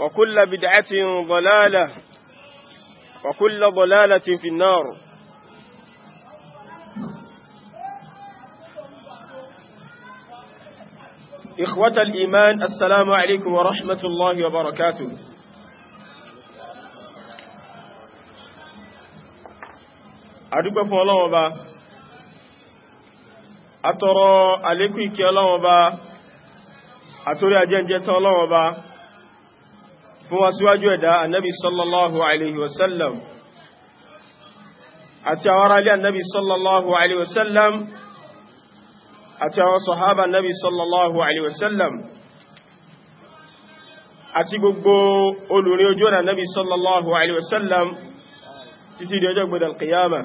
وكل بدعة ضلالة وكل ضلالة في النار إخوة الإيمان السلام عليكم ورحمة الله وبركاته أدوك فالله وبا أترى عليكم كي الله وبا أترى أجنجة الله وبا fún aṣíwájú ẹ̀dá annabi sallallahu alaihi wasallam àti àwọn aráalé annabi sallallahu alaihi wasallam àti àwọn sọ̀hábà annabi sallallahu alaihi wasallam àti gbogbo olùrin ojú ọ̀nà annabi sallallahu alaihi wasallam títí di ọjọ́ gbọdọ̀ alkiyama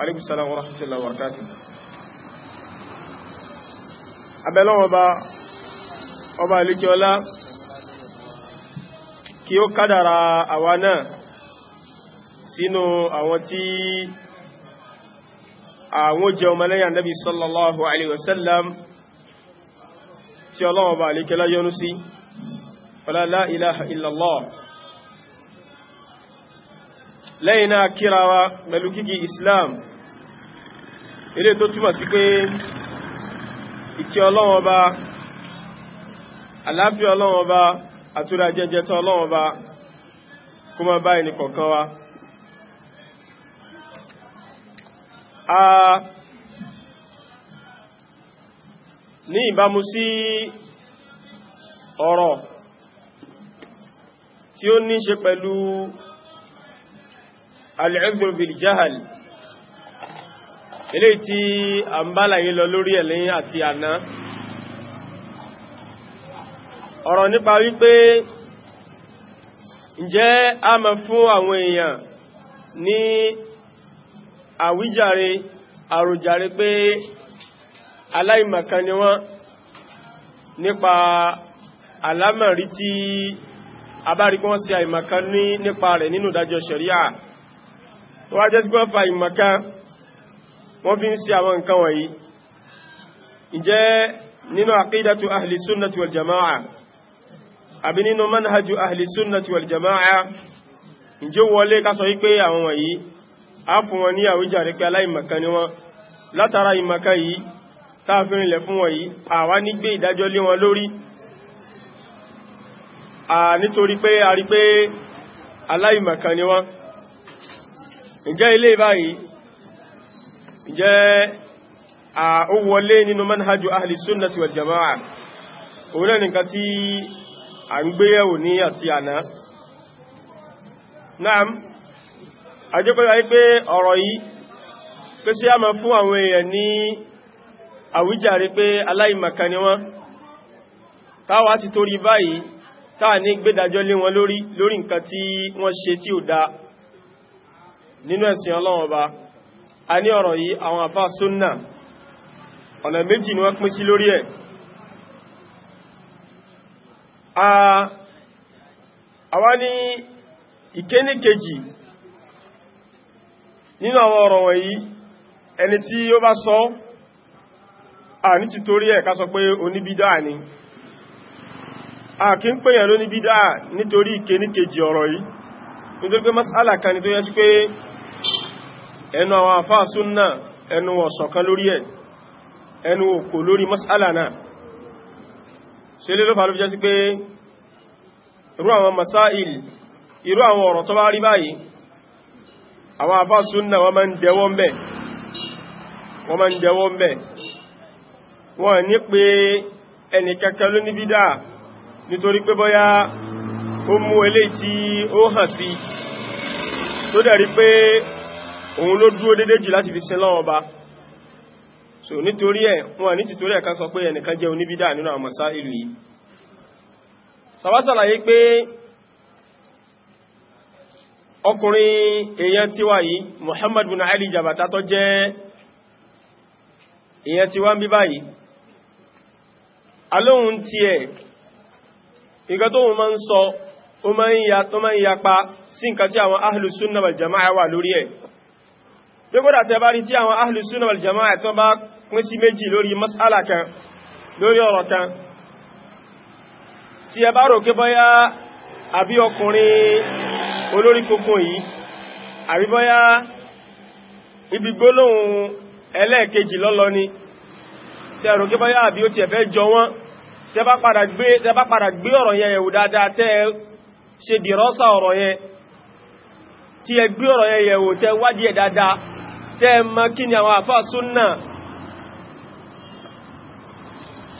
alaikum salam wa rahmatullahi wa barakatuh abẹ́lọ́wọ́ ọba ọba alikiola kí ó kádàrà àwa náà sínú àwọn tí àwọn jẹ ọmọlẹ́yà nabi sallallahu alaihi wasallam tí ọlọ́wọ̀ bá lè kẹlá yọnú sí wala la ilaha illallah lẹ́yìn náà kírawa pẹ̀lú kíkí islam ilé tó túmọ̀ sí pé ìkí ọlọ́wọ̀ bá alábí ọlọ́wọ̀ bá àtúrà jẹjẹ tán ọlọ́wọ́n bá kó má báyìí ní kọ̀ọ̀kan wa ní ìbámu sí ọ̀rọ̀ tí ó ní ṣe pẹ̀lú al-'udhr bil ilé tí a ń bá láyé lọ lórí ẹ̀lẹ́yìn àti àná ọ̀rọ̀ nípa wípé ǹjẹ́ a máa fún àwọn èèyàn ní àwíjàre àròjàre pé aláìmọ̀kan ni wọ́n nípa alámọ̀rí tí abárikọ́ wọ́n ṣe àìmọ̀kan ní nípa rẹ̀ nínú ìdájọ́ ṣẹ̀ríà tó wá jẹ́ sí wọ́n fa àìmọ̀kan wọ́n fi ń ṣe àwọn nǹkan wọ̀nyí ǹjẹ́ nínú àkídàtù ahli sunnati wal jama'a àbí nínú manhajú ahli sunnati wal jama'a ǹjẹ́ wọlé ká sọ wípé àwọn wọ̀nyí a fún wọn ní àwíjàre pé aláìmọ̀kan ni wọ́n látara ìmọ̀kan yìí táàfin ilẹ̀ fún wọ̀nyí àwa ní gbé ìdájọ́ lé wọn lórí à nítorí pé a rí pé aláìmọ̀kan ni wọ́n ǹjẹ́ ilé báyìí ǹjẹ́ à ó wọlé nínú manhajú ahli sunnati wal jama'a òun náà nìkan tí à ń gbéyẹ̀wò ní àti àná náà àjẹ́kọ́lá wípé ọ̀rọ̀ yìí pé sí a máa fún àwọn èèyàn ní àwíjàre pé aláìmọ̀kan ni wọ́n táwa ti torí báyìí táà ní gbédàjọ́ lé wọn lórí lórí nǹkan tí wọ́n ṣe tí ò dá nínú ẹ̀sìn ọlọ́wọ́n a ní ọ̀rọ̀ yìí àwọn àfáà súnnà ọ̀nà méjì ni wọ́n pín sí lórí ẹ̀ àwa ní ìkéní kejì nínú àwọn ọ̀rọ̀ wọ̀nyí ẹni tí ó bá sọ à ní ti torí ẹ̀ ká sọ pé oníbídá ni a kí ń pèyàn lóníbídá nítorí ìkéní kejì ọ̀rọ̀ yìí nítorí pé mas'ala kan ni tó yẹ sí pé ẹnu àwọn àfáà súnnà ẹnu ọ̀sọ̀kan lórí ẹ̀ ẹnu òkò lórí mas'ala náà ṣe lè ló fà ló fi jẹ́ sí pé irú àwọn masáìl irú àwọn ọ̀rọ̀ tó bá rí báyìí àwọn àfá súnnà wọ́n máa ń dẹwọ́ ń bẹ̀ wọ́n máa ń dẹwọ́ ń bẹ̀ wọ́n ní pé ẹni kẹkẹ ló ní bídá nítorí pé bọ́yá ó mú eléyìí tí ó hàn sí tó dẹ̀ rí pé òun ló dúró dédé jù láti fi sin lọ́wọ́ ba so nítorí ẹ̀ wọn ní títorí ẹ̀ká sọ pé ẹnìkan jẹ́ oníbídà nínú àwọn masá ìlú yìí sàwásàlàyé pé ọkùnrin èèyàn tiwa yìí Muhammad bin Ali Jabata tó jẹ́ tiwa ń bí báyìí alóhun ti ẹ̀ nǹkan tó wọ́n ń sọ ó máa ń yapa sí nǹkan tí àwọn ahlu jama'a wà lórí ẹ̀ pé pín sí méjì lórí mas'ala kan lórí ọ̀rọ̀ kan tí ẹ bá rò kí bọ́yá àbí ọkùnrin olórí kókún yìí àbí bọ́yá ibi gbólóhùn ẹlẹ́ẹ̀kejì lọ́lọ́ ni tí ẹ rò kí bọ́yá àbí ó ti ẹ̀fẹ́ jọ wọ́n tí ẹ bá padà gbé ọ̀rọ̀ yẹn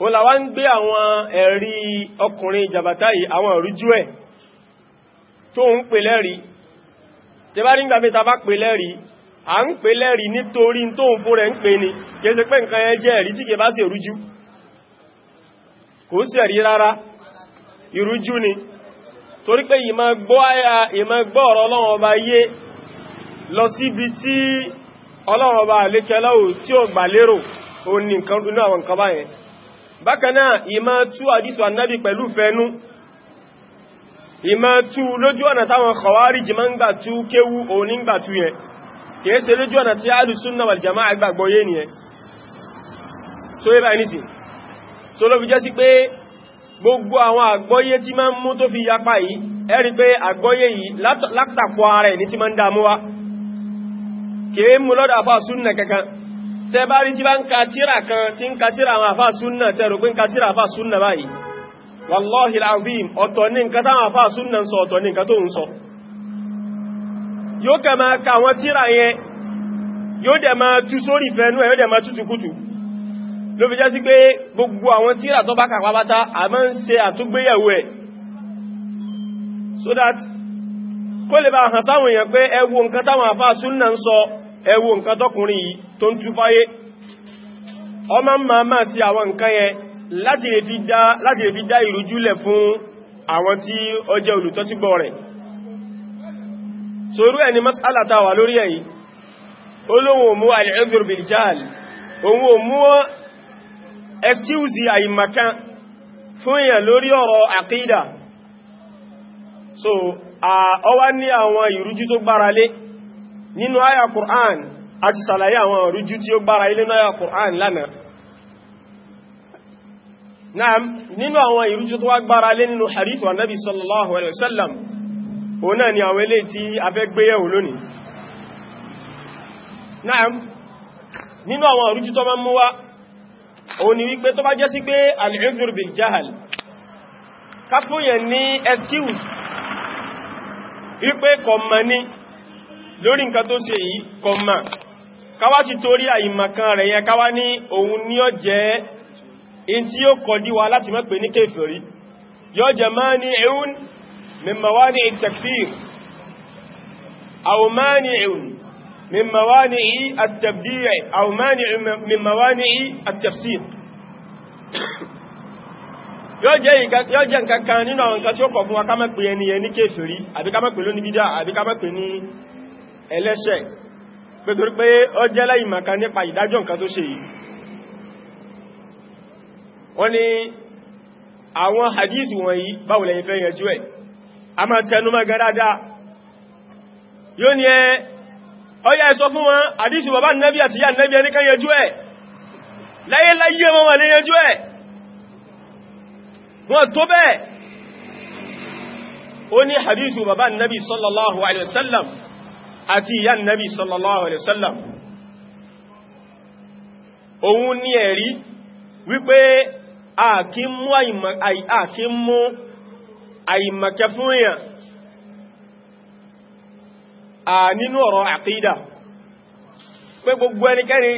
ó làwá ń gbé àwọn ẹ̀rí ọkùnrin jàbátá yìí àwọn ìrújú ẹ̀ tó ń pè lẹ́rí tẹ bá nígbàmí ta bá pè lẹ́rí a ń pè lẹ́rí nítorí tó ń fún rẹ̀ ń pè ní kẹsẹ̀ pé nǹkan ẹ jẹ́ ẹ̀rí tí kẹ bá sì ìrújú kò sí ẹ̀rí rárá ìrújú ni torí pé ìmọ̀ gbọ́ bákanáà ìmá tú àdísù annabi pẹ̀lú fẹ́nú ìmá tú lójú ọ̀nà táwọn khawariji máa ń gbà tú kéwú òní gbà tú yẹn kìí lójú ọ̀nà tí ahlu sunna wal jama'a gbàgbọ́ ni nìyẹn tó yẹ báyìí nìsìn tó ló fi jẹ́ sí pé gbogbo àwọn àgbọ́yé tí máa ń mú tó fi yapa yìí ẹ̀rí pé àgbọ́yé yìí kankan tẹbárí tí bá ń ka kan tí ń tira tíra àwọn àfáà súnnà tẹ́rù pé ń àfáà súnnà báyìí wallahi alazim ọ̀tọ̀ ní nǹkan táwọn àfáà súnnà ń sọ ọ̀tọ̀ ní nǹkan tó ń sọ yóò kẹ máa ka àwọn tíra yẹn yóò dẹ̀ máa tú sórí ìfẹ́nú ẹ̀ yóò dẹ̀ máa tútù kútù fi gbogbo a ma ẹ wo nǹkan tọkùnrin yìí tó ń túfáyé ọmọ ma máa sí àwọn nǹkan yẹn láti lè fi dá ìrújúlẹ̀ fún àwọn tí ó jẹ́ olùtọ́sígbọ́ rẹ̀ sorú ẹni mas'ala tá wà lórí èyí olóhun òmú al'adhur bil jahl òun òmú excuse fún èyàn lórí ọ̀rọ̀ àkídà so ọwá ní àwọn ìrújú tó gbára lé nínú àyà Qur'an àti sàlàyé àwọn orújú tí ó gbára ilé náà àyà Qur'an lánàá náà nínú àwọn ìrújú tó wá gbára lé nínú hadith wa nabi sallallahu alaihi wasallam òun náà ni àwọn ilé tí a fẹ́ gbéyẹ̀wò lónìí náà nínú ni lórí nǹkan tó ṣe yìí kọmà káwá ti torí àìmọ̀kan rẹ̀ yẹn káwá ní òun ní ọ jẹ́ in tí ó kọ̀ díwa láti mọ́ pè ní kéfèrí yóò jẹ máa ní ẹ̀hún mímọ̀wá ní ìtẹ̀kfír àwòmáà ní ẹ̀hún من موانع التبديع أو مانع yóò jẹ́ nǹkan kan nínú àwọn nǹkan tí ó kọ̀ fún wa ká má pè ẹni ẹni kéfèrí àbí ká lónìí bídá àbí ká ní ẹlẹ́ṣẹ̀ pẹ̀tọ́rí pé ó jẹ́ láìmọ̀kan nípa ìdájọ́ nǹkan tó ṣe yìí wọ́n ní àwọn hadith wọ̀nyí báwo lẹ́yìn fẹ́ yanjú ẹ̀ a máa tẹnumọ́ gan dáadáa yóò ní ẹ ọya ẹ̀sọ fún wọn hadith bàbá nẹ́bí àti yà nẹ́bí ẹni kan yanjú sallallahu alaihi wasallam àti ìyá nàbí sallallahu alaihi wasallam òun ní ẹ̀rí wípé àkí mú àìmọ̀kẹ fún èèyàn à nínú ọ̀rọ̀ àkídà pé gbogbo ẹnikẹ́ni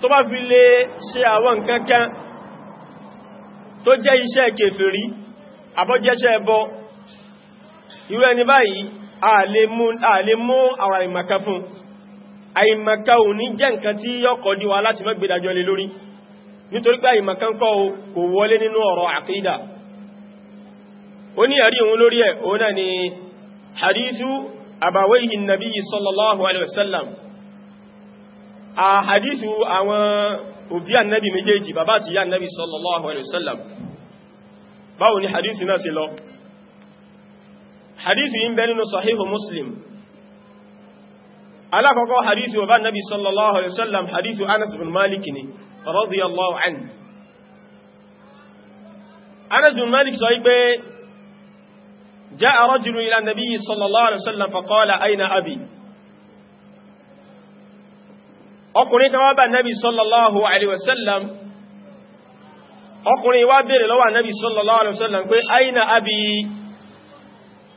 tó bá fi lè ṣe àwọn nǹkan tó jẹ́ iṣẹ́ kèfèrí àbọ́jẹ́ṣẹ́ ẹbọ irú ẹni báyìí àlè mú àwọn àìmàkà fún àìmàkà ò ní jẹ́ nǹkan tí yọ́kọ̀ dí wa láti mẹ́gbẹ̀dájọ́ lé lórí nítorí pé àìmàkà ń kọ́ kò wọlé nínú ọ̀rọ̀ àkídà ó ní ẹ̀rí lórí ẹ̀ òun ni hadithu abawaihi nabi sallallahu alaihi wasallam a hadithu àwọn òbí annabi méjèèjì bàbá àti sallallahu alaihi wasallam báwo ni hadithu náà hadithu yìí ń bẹ nínú sahihu muslim alákọ̀ọ́kọ́ hadithu wa bá nabi sallallahu alaihi wasallam hadithu anas bin malik ni radiyallahu anhu anas bin malik sọ wípé جاء رجل إلى النبي صلى الله عليه وسلم فقال أين أبي ọkùnrin kan wá bá nábi sallallahu alaihi wasallam ọkùnrin wá bèèrè lọ́wọ́ nábi sallallahu alaihi wasallam pé aina abi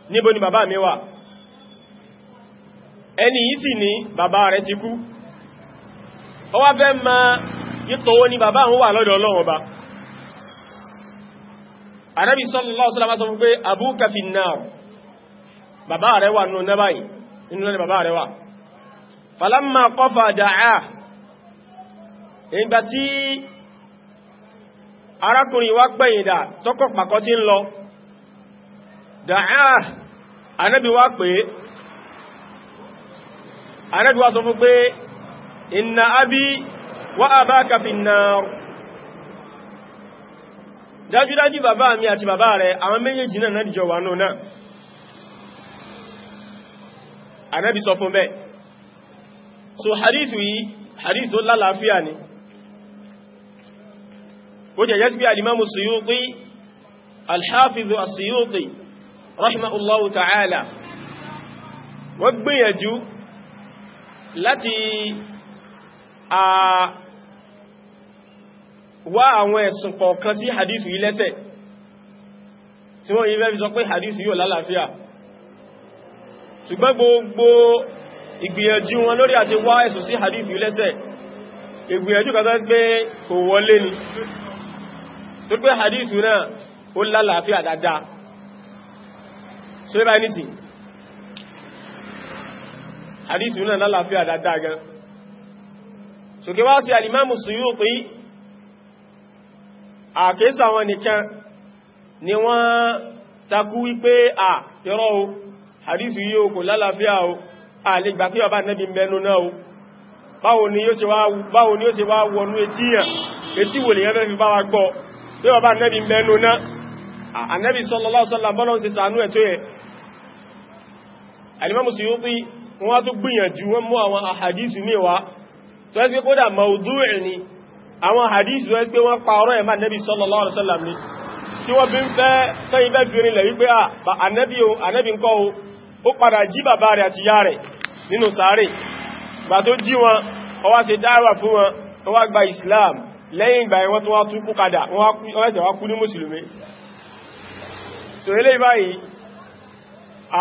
níbo ni bàbá mi wà ẹni yìí sì bàbá rẹ̀ ti kú ó wá fẹ́ ma ni bàbá wà lọ́dọ̀ Ọlọ́run Ọba Ànábì sallallahu sọ fún pé fi náà bàbá wà bàbá wà ìgbà tí arákùnrin wá tọ́kọ̀ pàkọ́ tí ń lọ dàá anábi wá pé anábi wá sọ fún pé inna abi wa abaka fin nar dájúdájú bàbá mi àti bàbá rẹ̀ àwọn méjèèjì náà náà jọ wà náà anábi sọ fún bẹ́ẹ̀ so hadithu yìí hadithu lálàáfíà ni ó jẹ́ sí pé al-Imam Suyuti al rahimahullahu ta'ala wọ́n gbìyànjú láti a wá àwọn ẹ̀sùn kọ̀ọ̀kan sí hadithu yìí lẹ́sẹ̀ tí wọ́n yìí rẹ́bí sọ pé hadithu yóò lálàáfíà ṣùgbọ́n gbogbo ìgbìyànjú wọn lórí àti wá ẹ̀sùn sí hadithu yìí lẹ́sẹ̀ ìgbìyànjú kan tó pé kò wọlé ni tó pé hadithu náà ó lálàáfíà dáadáa so ibá ní sí àdísù náà lálàáfíà dáadáa gan sòkè wá sí alìmáàmù Suyuti àkéésà wọn nìkan ni wọ́n takú wípé à yọ́rọ̀ o àdísù yíò kò lálàáfíà o a lè gbà kí ọba nẹ́bí mẹ́nu náà o báwo ni yóò ṣe wá wọnú etí yàn etí wò lè yẹ́ fẹ́ fi bá wa gbọ́ bí ọba nẹ́bí mẹ́nu náà ànẹ́bí sallallahu alaihi wasallam bọ́lọ́ alimamu Suyuti wọ́n wá tó gbìyànjú wọ́n mú àwọn àhàdìsù mẹ́wàá tó ẹ́sì pé kódà maudu'i ni àwọn àhàdìsù ẹ́sì pé wọ́n pa ọ̀rọ̀ ẹ̀mà nẹ́bí sallallahu alaihi wasallam ni tí wọ́n bí ń fẹ́ tẹ́yìn bẹ́ fi rinlẹ̀ wípé ànẹ́bí ń kọ́ o ó padà jí bàbá rẹ̀ àti yá rẹ̀ nínú sàárè gbà tó jí wọn ó wá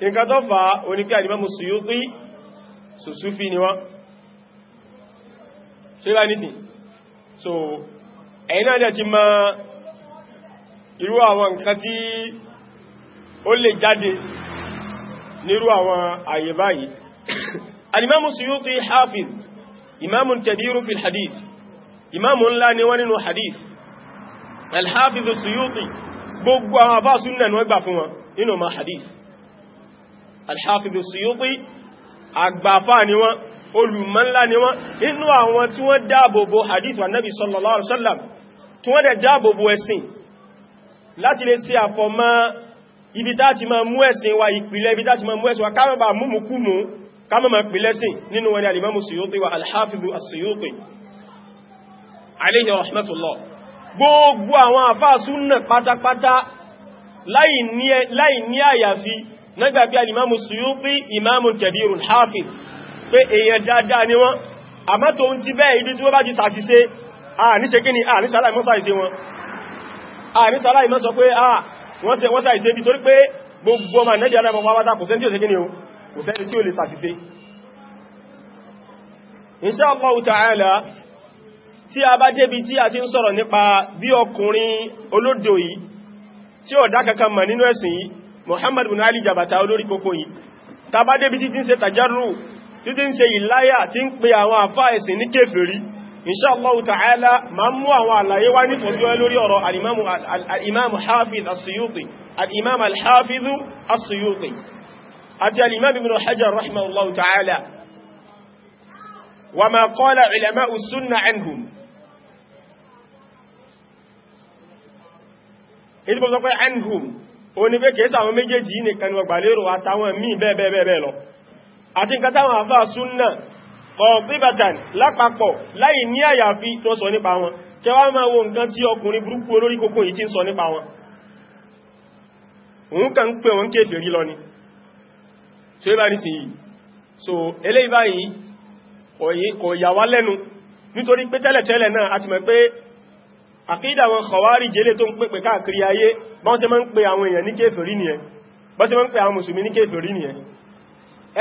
nǹkan tó fà oníkẹ́ àdìmọ́mù Suyuti Sufi ni wọ́n ṣe bá nísìn so ẹ̀yìn náà ti ma irú àwọn nǹkan tí ó lè jáde nírú àwọn àyè báyìí alìmọ́mù Suyuti hafiz imamun kabiru fil hadith imamun ńlá ni wọ́n nínú hadith alhafiz Suyuti gbogbo àwọn àbá súnnà ni wọ́n gbà fún wọn nínú ma hadith alhafidu suyuti àgbàfà ni wọ́n olùmọ́nlá ni wọ́n inú àwọn tí wọ́n dáàbòbò hadith wa nabi sallallahu alaihi wasallam tí wọ́n dẹ̀ dáàbòbò ẹ̀sìn láti lè ṣe àfọ̀mọ́ ibi táti ma mú ẹ̀sìn wa ìpìlẹ̀ ibi táti ma mú ẹ̀sìn wa kámọ́bà múmù kú mú kámọ́mà pìlẹ̀ sí nínú wọn ni alimamu suyuti wa alhafidu nígbà bí alìmáàmù Suyuti ìmáàmù kẹbírùn hafiz pé èèyàn dáadáa ni wọ́n àmọ́ tó ń ti bẹ́ẹ̀ ibi tí wọ́n bá ti sàfisé àníṣe kí ni àníṣàláìmọ́ sàìsé wọn àníṣàláìmọ́ sọ pé à ah, wọ́n ṣe wọ́n sàìsé bí torí pé gbogbo ọmọ nẹ́jẹ̀ aláìmọ́ pàwátá kò sẹ́ntí ò sí tí a bá débi tí a ti ń sọ̀rọ̀ nípa bí ọkùnrin olódò yìí tí ó kankan mọ̀ nínú ẹ̀sìn yìí Muhammad bin Ali Jabata olórí kókó yìí tàbá débi títí ń ṣe tàjárù títí ń ṣe ìláyà tí ń pe àwọn àfá ẹ̀sìn ní kéfèrí insha Allah ta'ala ma mú àwọn àlàyé wá ní fòsíwẹ́ lórí ọ̀rọ̀ al-imam hafiz as-Suyuti al-imam al-hafiz as-Suyuti àti anhum ó ní pé kèésà àwọn méjèèjì nìkan ni ọgbàlérò àtàwọn míì bẹ́ẹ̀bẹ́ẹ̀ lọ àti nǹkan táwọn àfà súnnà ọ̀píbàtàn lápapọ̀ láì ní àyàfi tó sọ nípa wọn kẹwàá máa wo nǹkan tí ọkùnrin burúkú olórí kókó yìí ti ń sọ nípa wọn òun kàn pè wọn kéfèrí lọ ni tí ó bá ní sí yìí so eléyìí báyìí kò yà wá lẹ́nu nítorí pé tẹ́lẹ̀tẹ́lẹ̀ náà a mọ̀ pé àkídà àwọn kọwàrí jẹ́lẹ̀ tó ń pèpè káàkiri ayé bọ́n ṣe máa ń pè àwọn èèyàn ní kéfèrí nìyẹn bọ́n ṣe máa ń pè àwọn mùsùlùmí ní kéfèrí nìyẹn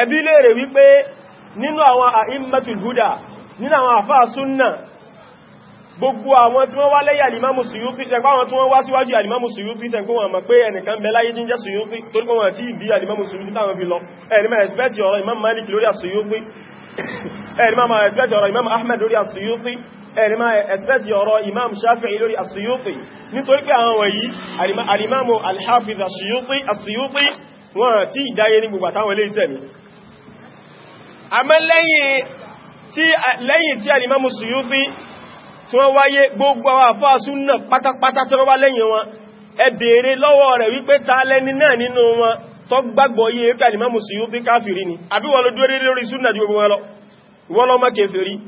ẹbí léèrè wípé nínú àwọn àìmẹ́tul huda nínú àwọn àfáà súnnà gbogbo àwọn tí wọ́n wá lẹ́yà alimamu suyufi ṣe pàwọn tí wọ́n wá síwájú alimamu suyufi ṣe pé wọ́n mọ̀ pé ẹnìkan bẹ láyé jíjẹ́ suyufi tó ní ahmed lórí àsuyufi ẹni máa ẹ̀sẹ̀sì ọ̀rọ̀ imam shafi'i lórí asuyuti nítorí pé àwọn wọ̀nyí alimamu alhafiz asuyuti wọ́n tí ìdáyé ní gbogbo àtàwọn ilé iṣẹ́ mi àmọ́ lẹ́yìn tí alimamu suyuti tí wọ́n wáyé gbogbo àwọn àfáà súnnà pátápátá tó wá lẹ́yìn wọn ẹ bèèrè lọ́wọ́ rẹ̀ wípé ta lẹ́ni náà nínú wọn tó gbàgbọ́ yé pé alimamu suyuti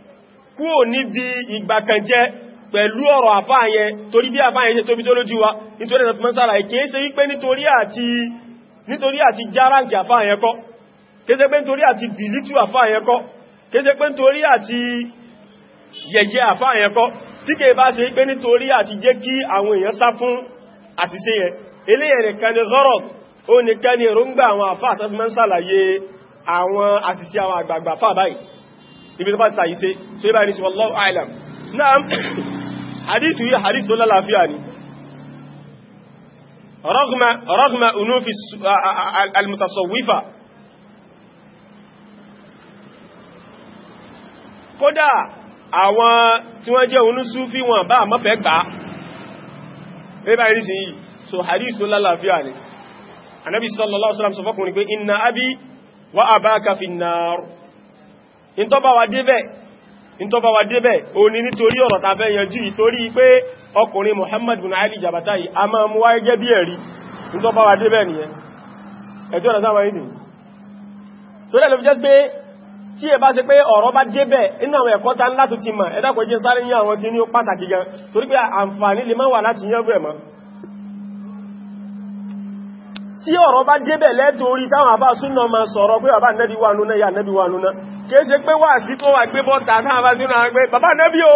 kúò níbi ìgbàkànjẹ́ pẹ̀lú ọ̀rọ̀ àfáàyẹ torí bí àfáàyẹ ṣe tóbi tó lójú wa nítorí ẹ̀nà tó mọ́ sára ìkéé ṣe wípé nítorí àti járáǹkì àfáàyẹ kọ́ kéṣe pé nítorí àti bìlítù àfáàyẹ kọ́ kéṣe pé nítorí àti yẹ̀yẹ́ àfáàyẹ kọ́ tí kèé bá ṣe pé nítorí àti jẹ́ kí àwọn èèyàn sá fún àṣìṣe yẹn eléyẹ̀ nìkan ni rọ́rọ̀ ó nìkan ni èròǹgbà àwọn àfáà tó mọ́ sàlàyé àwọn àṣìṣe àwọn àgbààgbà fà báyìí ibi tó bá ta ìṣe so ibá ní sí wallahu a'lam náà hadithu yí hadith tó lálàáfíà ni rọ́gbà unúfi almutasawwifa kódà àwọn tí wọ́n jẹ́ onúsúfí wọn bá mọ́fẹ́ gbá ibá ní sí so hadith tó lálàáfíà ni anábi sallallahu alaihi sọ fọ́kùnrin pé inna abi wa abaka fi nnar ìntọ́bà wà débẹ̀ ìntọ́bà wà débẹ̀ o ní nítorí ọ̀rọ̀ ta fẹ́ yanjú ìtorí pé ọkùnrin Muhammad bin Ali Jabata yìí a máa mú wáyé jẹ́ bí ẹ̀rí ìntọ́bà wà débẹ̀ nìyẹn ẹjọ́ ọ̀nà sáwọn ìdìn tó rẹ̀ ló fi jẹ́ pé tí ẹ bá ṣe pé ọ̀rọ̀ bá débẹ̀ inú àwọn ẹ̀kọ́ ta ńlá tó ti mọ̀ ẹ̀dàkọ̀ jẹ́ sáré ní àwọn táwọn àbá súnà máa sọ̀rọ̀ pé bàbá nẹ́bí wà núná yà nẹ́bí wà núná kìí ṣe pé wà sí tó wà gbé bọ́ta náà bá sínú àwọn pé bàbá nẹ́bí o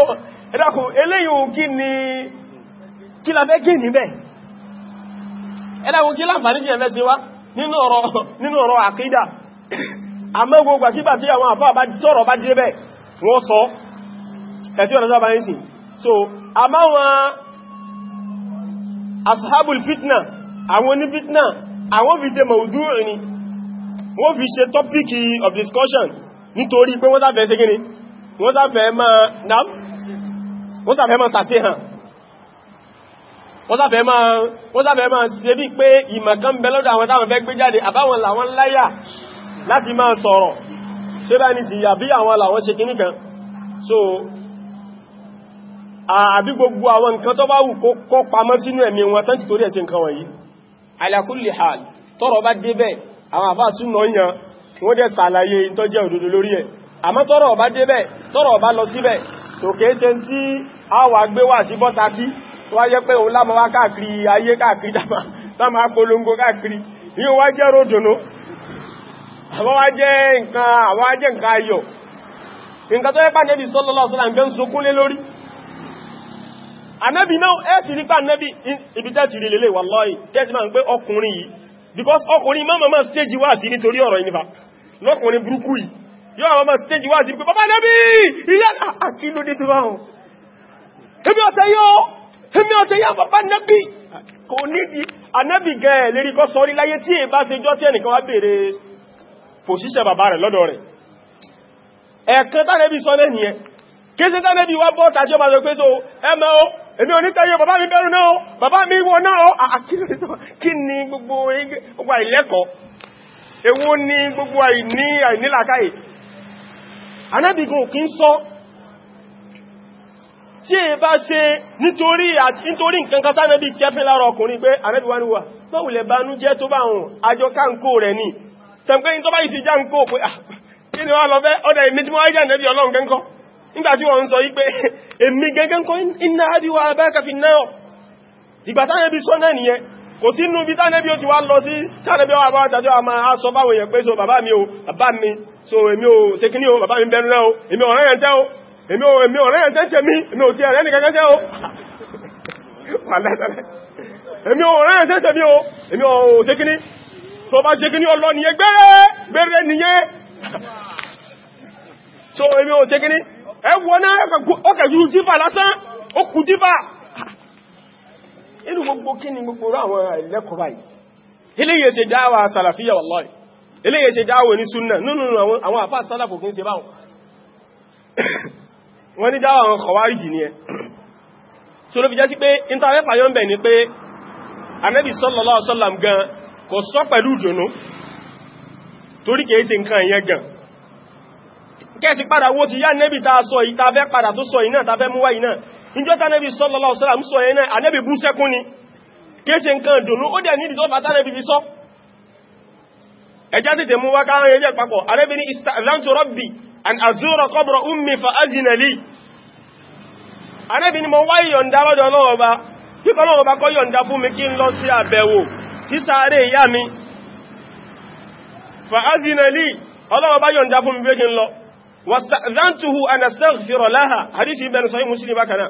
ẹ̀dàkù eléyìn kí ni kí la fẹ́ gìn níbẹ̀ ẹ̀dàkù kí láǹfàní sí ẹ̀fẹ́ sí wá nínú ọ̀rọ̀ àkídà àmọ́ gbogbo àkígbà tí àwọn àfáà bá wọ́n so àmọ́ ashabul fitna àwọn fitna àwọn fi ṣe mọ̀ọ̀dúrù ni of discussion nítorí pé wọ́n sáfẹ́ ṣe gíní wọ́n sáfẹ́ máa nám wọ́n sáfẹ́ máa sàṣe hàn wọ́n sáfẹ́ máa ṣe bí pé ìmọ̀kan bẹ lọ́dọ̀ àwọn táwọn fẹ́ gbé jáde àbáwọn làwọn láyà láti máa sọ̀rọ̀ ṣe bá ní sí àbí àwọn làwọn ṣe kíní kan so àbí gbogbo àwọn nǹkan tó bá wù kó pamọ́ sínú ẹ̀mí wọn tán ti torí ẹ̀sìn nǹkan wọ̀nyí ala kulli hal tọ́rọ bá débẹ̀ àwọn àbá súnmọ́ yàn wọ́n dẹ̀ sàlàyé tó jẹ́ òdodo lórí ẹ̀ àmọ́ tọ́rọ̀ ọba débẹ̀ tọ́rọ̀ ọba lọ síbẹ̀ tó kéése tí a wà gbé wà sí bọ́ta sí tó wáyé pé òun lámọ́ wá káàkiri ayé káàkiri dáma polongo káàkiri yíò wá jẹ́ ròdùnú àwọn wá jẹ́ nǹkan ayọ̀ nǹkan tó yẹ́pà nẹ́bì sallallahu alaihi wasallam ń sunkúnlé lórí anẹ́bì náà ẹ́ sì nípa anẹ́bì ibi tẹ́tì because ọkùnrin mọ́mọ́mọ́ stage wà sí nítorí ọ̀rọ̀ ìnífà lọ́kùnrin burúkú yìí yóò àwọn ọmọ stage wá sí pé bàbá nẹ́bí ìyá àkílódé tó bá hùn èmi ọ̀tẹ̀ yóò èmi ọ̀tẹ̀ yá bàbá nẹ́bí kò nídi anẹ́bí gẹ̀ẹ́ lérí kọ́ sọ oríláyé tí èbá ṣe jọ́ tí ẹnìkan wá bèèrè pòṣíṣẹ́ bàbá rẹ̀ lọ́dọ̀ rẹ̀ ẹ̀kan tánẹ́bí sọ lẹ́ni ẹ kéṣe tánẹ́bí wá bọ́ tàjọ́ bá sọ pé so ẹmẹ́ o èmi ò ní tẹ́yọ bàbá mi bẹ̀rù náà bàbá mi èwo ni gbogbo àìní àìnílàkáyè anábìgun kí ń sọ tí è bá ṣe nítorí nítorí nǹkan kan tánàbì kẹfẹ́ lára ọkùnrin pé anábìwá níwà mọ́wùlẹ̀ bá ń jẹ́ tó bá hùn àjọ káǹkó rẹ̀ ní sẹ́m̀pé tó bá ìsì jáǹkó pé ah, kí ni wọ́n lọ fẹ́ ọdọ̀ èmi tí wọ́n rí ànẹ́bì ọlọ́run gẹ́ńkọ́ nígbàtí wọ́n ń sọ wípé èmi gẹ́gẹ́ńkọ́ iná àdíwá abẹ́kàfin náà ìgbàtánẹ́bì kò sí inú bí tánẹ́bí ó ti wá lọ sí tánẹ́bí ó àbá àtàjọ́ àmà aṣọ báwọn èèyàn pé so bàbá mi o bàbá mi so èmi o sekini o bàbá mi bẹ̀rẹ̀ o èmi ọ̀rẹ́ yẹn tẹ́ o èmi tẹ́ tẹ́ mi èmi ò ti ẹ̀rẹ́ tẹ́ o inú gbogbo kí ni gbogbo rú àwọn ẹ̀lẹ́kọ̀ọ́ báyìí eléyìí ṣe dáwà sàlàfíyà wallahi eléyìí ṣe dáwà ní súnnà nínú àwọn àfá sálàfò kí ń ṣe báwọn wọ́n ní dáwà àwọn kọwàríjì ni ẹ tó ló fi jẹ́ sí pé intanẹ́fà yọ́ bẹ̀ ni pé Ànábì sallallahu alaihi wasallam gan kò sọ pẹ̀lú ìdùnnú torí kìí ṣe nǹkan ìyẹn gan kẹ́ẹ̀sì padà wó ti yá Ànábì ta níjọ́ tánẹ́bí sallallahu alaihi wasallam sọ ẹ̀nà ànẹ́bí bú sẹ́kún ni kéèṣe nǹkan dùnú ó dẹ̀ ní ìdí tọ́fà tánẹ́bí fi sọ ẹjá tètè mú wákà rán ẹjẹ́ papọ̀ ànẹ́bí ní ista'zantu rabbi an azura qabra ummi fa azina li ànẹ́bí ni mo wá ìyọ̀ǹda lọ́dọ̀ ọlọ́ọ̀ba kíkọ́ ọlọ́ọ̀ba kọ́ yọ̀ǹda fún mi kí n lọ sí àbẹ̀wò sí sáré ìyá mi fa azina li ọlọ́ọ̀ba yọ̀ǹda fún mi bí kí n lọ wasta'zantuhu an astaghfira hadithi ibn sahih muslim bákanáà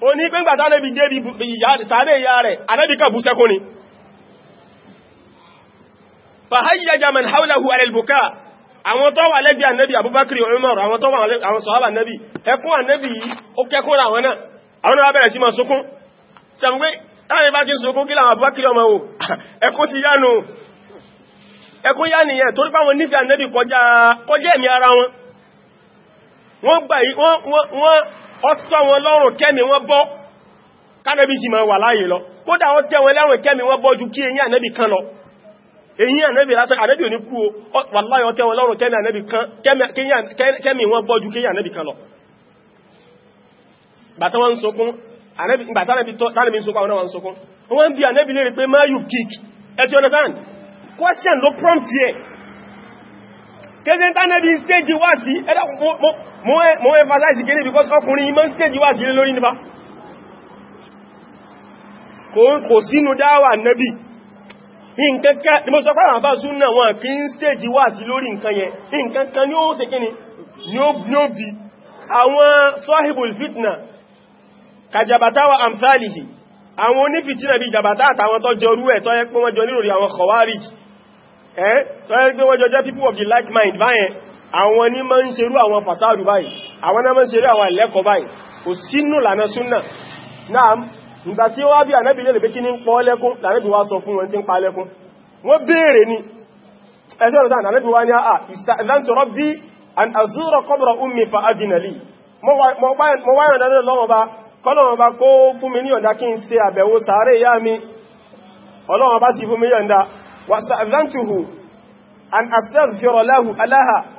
o ní pé gbàtà nẹ́bí dé sàárè ìyá rẹ̀ anẹ́bí kà bú sẹ́kún ni fàháyíyájá man haulahu alẹ́lbùká àwọn tó wà lẹ́gbẹ̀ anẹ́bí abubakiri Umar àwọn tó wà àwọn sọ̀hábà anẹ́bí ẹkún anẹ́bí ó kẹ́kún àwọn náà àwọn náà bẹ̀rẹ̀ sí ma sọkún sàmgbé táwọn bá kí sọkún kí láwọn abubakiri ọmọ wò ẹkún ti yánu ẹkún yá nìyẹn torí pàwọn nífẹ̀ẹ́ anẹ́bí kọjá ọ̀tọ́ wọn lọ́rùn kẹ́mi wọ́n bọ́ kánẹ́bí sì máa wà láàyè lọ kódà ó tẹ́ wọn lọ́rùn kẹ́mi wọ́n bọ́ ju kí eyín ànẹ́bì kan lọ eyín ànẹ́bì lásán ànẹ́bì ò ní kú o wàláyé ó tẹ́ wọn lọ́rùn kẹ́mi wọ́n bọ́ ju kí eyín ànẹ́bì kan lọ bàtà wọn sọkún bàtà ànẹ́bì sọkún àwọn wọn understand question ló prompt yẹ kẹ́sẹ̀ tánẹ́bì stage wá sí ẹ̀dá E, mo emphasize kéré because ọkùnrin imọ́ stage wà sí lórí nípa kò sínú dáwà nẹ́bí nǹkankan ni mo sọ pàdà àbá súnnà wọn kí ń stage wà sí lórí nǹkan yẹn nǹkankan ni ó ṣe kí ni ó bí àwọn sahibul fitna kàjàbátá wa amsalihi àwọn onífìtínà bí ìjàbátá àtàwọn tó jẹ orú ẹ̀ tó yẹ pé wọ́n jọ nírò people of the like mind báyẹn àwọn ní máa ń ṣerú àwọn fasáàdù báyìí àwọn náà máa ń ṣerú àwọn ẹ̀lẹ́kọ̀ọ́ báyìí kò sínú lànà súnnà náà nígbà tí wá bí ànábì lè lè kí ní pọ́ lẹ́kún wá sọ fún wọn tí ń pa lẹ́kún wọ́n béèrè ni a ìrọ̀tàn ànábì wá ní àà ìsàlẹ́ntọ̀rọ̀ bí fa adìnàlì mọ́ wáyàn dáadáa lọ́wọ́ bá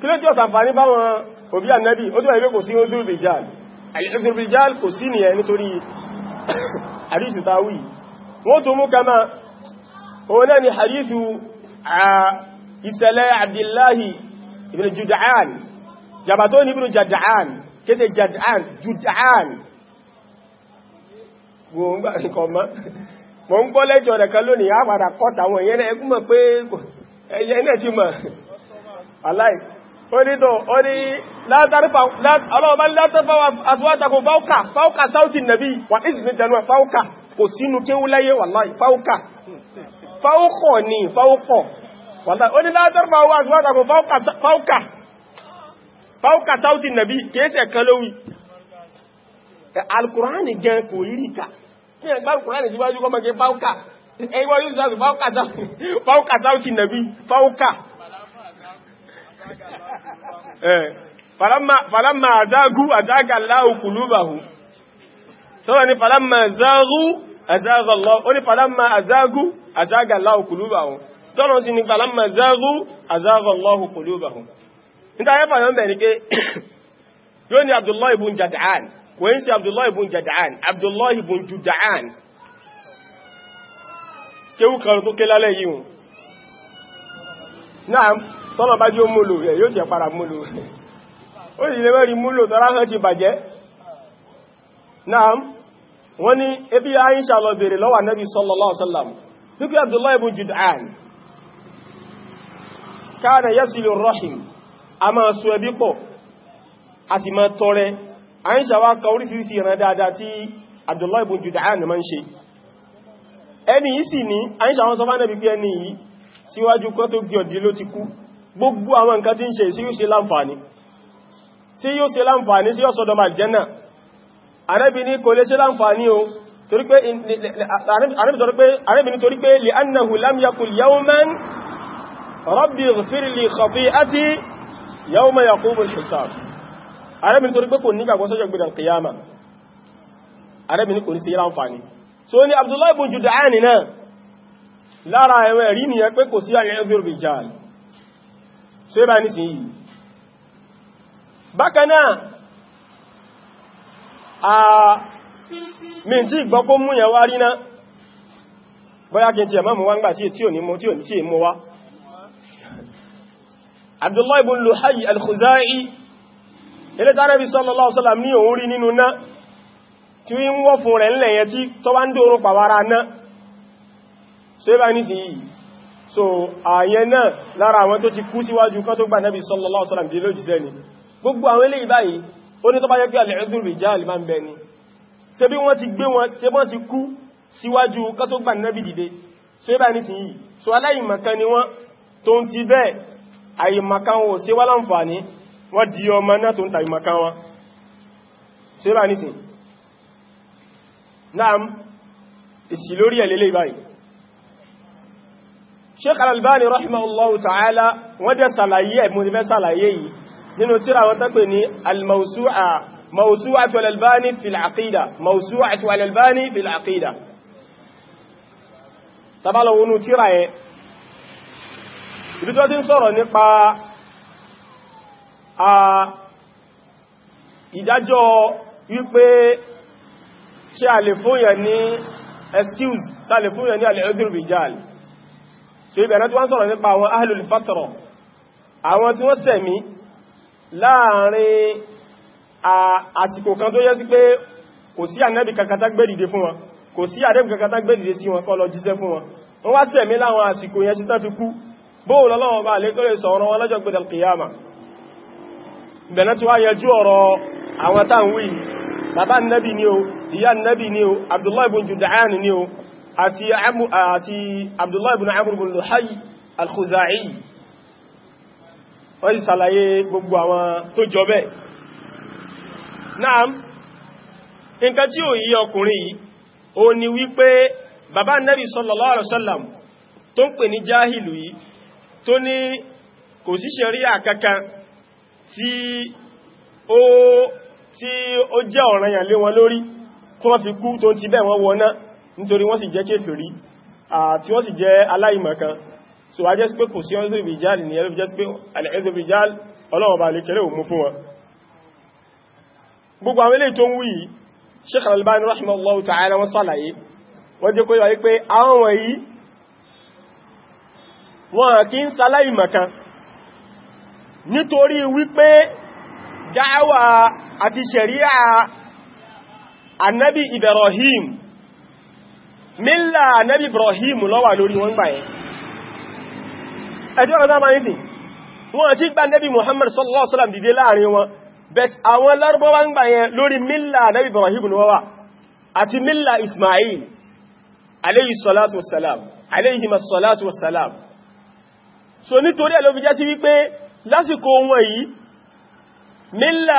kí ló jọ sàǹfàní báwọn òbí ànẹ́bì ó tó ẹgbẹ́ kò sí ozurbijan alìsirbijan kò sí nìyẹn nítorí àríṣùtawì wọ́n tó mú kama òun náà ni hadithu ìṣẹ̀lẹ̀ abdullahi ibn juda'an jabato ni ibn jada'an kése jada'an juda'an wọ́n gbà nǹkan mọ́ mọ́ ń gbọ́ lẹ́jọ́ rẹ̀ kan lónìí á onítọ̀ oní látàrífà ọlọ́ọ̀bá látàrífà aṣíwátakò fáúkà fáúkà sáútì nàbí wà ìsìnkú tẹnuwa fáúkà kò sínú kéwú láyé wàláì fáúkà fáúkọ̀ ní fáúkọ̀ oní látàrífà aṣíwátakò fáúkà fáúkà sáútì nàbí kéèsẹ̀ kan lówí alkùránì gan kò ríríkà ní ẹgbà alkùránì síwájú kọ́ Eh, falamma àdágú àdágà láhù kùlúbàhù sọ́rọ̀ ni falamma zágú àdágà láhù ó falamma àdágú àdágà láhù kùlúbàhù sọ́rọ̀ sí ni falamma zágú àdágà láhù kùlúbàhù níta yẹ́ fàyọ́ ni Abdullahi ibn Abdullahi ibn Abdullahi ibn tọ́nà bá jí ó múlò rẹ̀ yóò jẹ para múlò rẹ̀ ó sì lè mẹ́rin múlò tọ́rá hàn ti bàjẹ́ náà wọ́n ní ebí Aisha lọ bèèrè lọ́wà Nabi sallallahu alaihi wasallam dúkì Abdullahi ibn Jud'an kana yasilu rahim a máa so ẹbí pọ̀ a sì máa tọrẹ Aisha wá ka orísìírísìí ìran dáadáa tí Abdullahi ibn Jud'an máa ń ṣe ẹni yìí sì ní Aisha wọn sọ fánàbí pé ẹni yìí síwájú kọ́ tó gbíọ̀dí ló ti kú gbogbo àwọn nǹkan tí ń ṣe sí yóò ṣe láǹfààní sí yóò ṣe láǹfààní sí ọ̀sọ̀dọ̀mà jẹ́nà Ànábì ní kò lè ṣe láǹfààní o Ànábì ní torí pé lè annahu lam yakul yawman rabbi ighfir li khati'ati yawma yaqumul hisab Ànábì ní torí pé kò ní so yíba ní sí yìí bákanáà a mìntí ìgbọ́kó mú yẹn wá rí náà bọ́yá kí n ti ẹ̀mọ́ mú wá ń gbà tí ò ní mú tí ò ní tí è mú wá Abdullahi ibn Luhay al-Khuzai ilé tánàbí sallallahu alaihi wasallam ní òun rí nínú náà tí wọ́n fún rẹ̀ ńlẹ̀ yẹn tí tọ́wá ń dòrò pàwàrà náà so yíba ní sí yìí so àyẹn náà lára àwọn tó ti kú síwájú kan tó gbà nẹ́bí sallallahu alaihi wasallam di lójíṣẹ́ ni gbogbo àwọn eléyìí báyìí ó ní tó bá yẹ pé al-udhr rijal máa ń bẹ ni ṣe bí wọ́n ti gbé wọn ṣe bọ́n ti kú síwájú kan tó gbà nẹ́bí dìde so yẹ́ bá ní sìn yìí so aláìmọ̀kan ni wọ́n tó ń ti bẹ́ẹ̀ àìmọ̀kan ò ṣe wá Sheikh Al-Albani rahimahullahu ta'ala wọ́n dẹ̀ sàlàyé ẹ̀mùsífẹ́ sàlàyé yìí nínú tíra wọn tán pè ní al-mawsu'a mawsu'atu al-Albani fil aqida mawsu'atu al-Albani fil aqida tabala wọnú tíra yẹ ibi tó ti ń sọ̀rọ̀ nípa a ìdájọ́ wípé ṣe àlè fún yẹ ní excuse sáàlè fún yẹ ní al-udhr rijal so ibẹ̀ náà tí wọ́n sọ̀rọ̀ nípa àwọn ahlul fatra àwọn tí wọ́n sẹ̀mí láàrin àsìkò kan tó yẹ sí pé kò sí ànẹ́bì kakata gbẹ́dìde fún wọn kò sí àdẹ́bì kakata gbẹ́dìde sí wọn kó lọ jíṣẹ́ fún wọn wọ́n wá sẹ̀mí láwọn àsìkò yẹn sí tán fi kú bóòlù ọlọ́wọ́ bá lè tó lè sọ̀rọ̀ wọn lọ́jọ́ gbẹ̀dẹ̀ kìyàmà bẹ̀nà tí wá yẹjú ọ̀rọ̀ àwọn táwọn wí bàbá nẹ́bì ni o ìyá nẹ́bì ni o Abdullahi ibn Juda'an ni o àti àti abdullahi ibn amr ibn luhayi al-khuza'i wọ́n yí sàlàyé gbogbo àwọn tó jọ bẹ́ẹ̀ náà nǹkan tí ó yí ọkùnrin yìí ó ní wípé bàbá nẹ́bí sallallahu alaihi wasallam tó ń pè ní jáhìlù yìí tó ní kò sí ṣẹ̀ríà kankan tí ó jẹ́ ọ̀ranyàn lé wọn lórí kí fi kú tó ti bẹ́ẹ̀ wọ́n wọ́n náà nítorí wọ́n sì jẹ́ kéfèrí àti wọ́n sì jẹ́ aláìmọ̀kan so a jẹ́ sí pé kò sí ọ́nà ìbìjáàlì ní ẹlẹ́fẹ́ jẹ́ sí pé ẹlẹ́fẹ́ ìbìjáàlì ọlọ́wọ̀n bá lè kẹrẹ òmú fún wọn gbogbo àwọn eléyìí tó ń wí Sheikh al annabi Ibrahim mílà nẹ́bí Ibrahim lọ́wà lórí wọ́n gbà yẹn ẹjọ́ ọ̀dá ma ń sìn wọ́n ti gba nẹ́bí Muhammad sallallahu alaihi wasallam dìde láàrin wọn bet àwọn Lárúbáwá ń gbà yẹn lórí mílà nẹ́bí Ibrahim lọ́wà àti mílà Ismail alayhi salatu wassalam alayhi salatu wassalam so nítorí ẹ̀ ló fi já sí wípé lásìkò wọn yìí mílà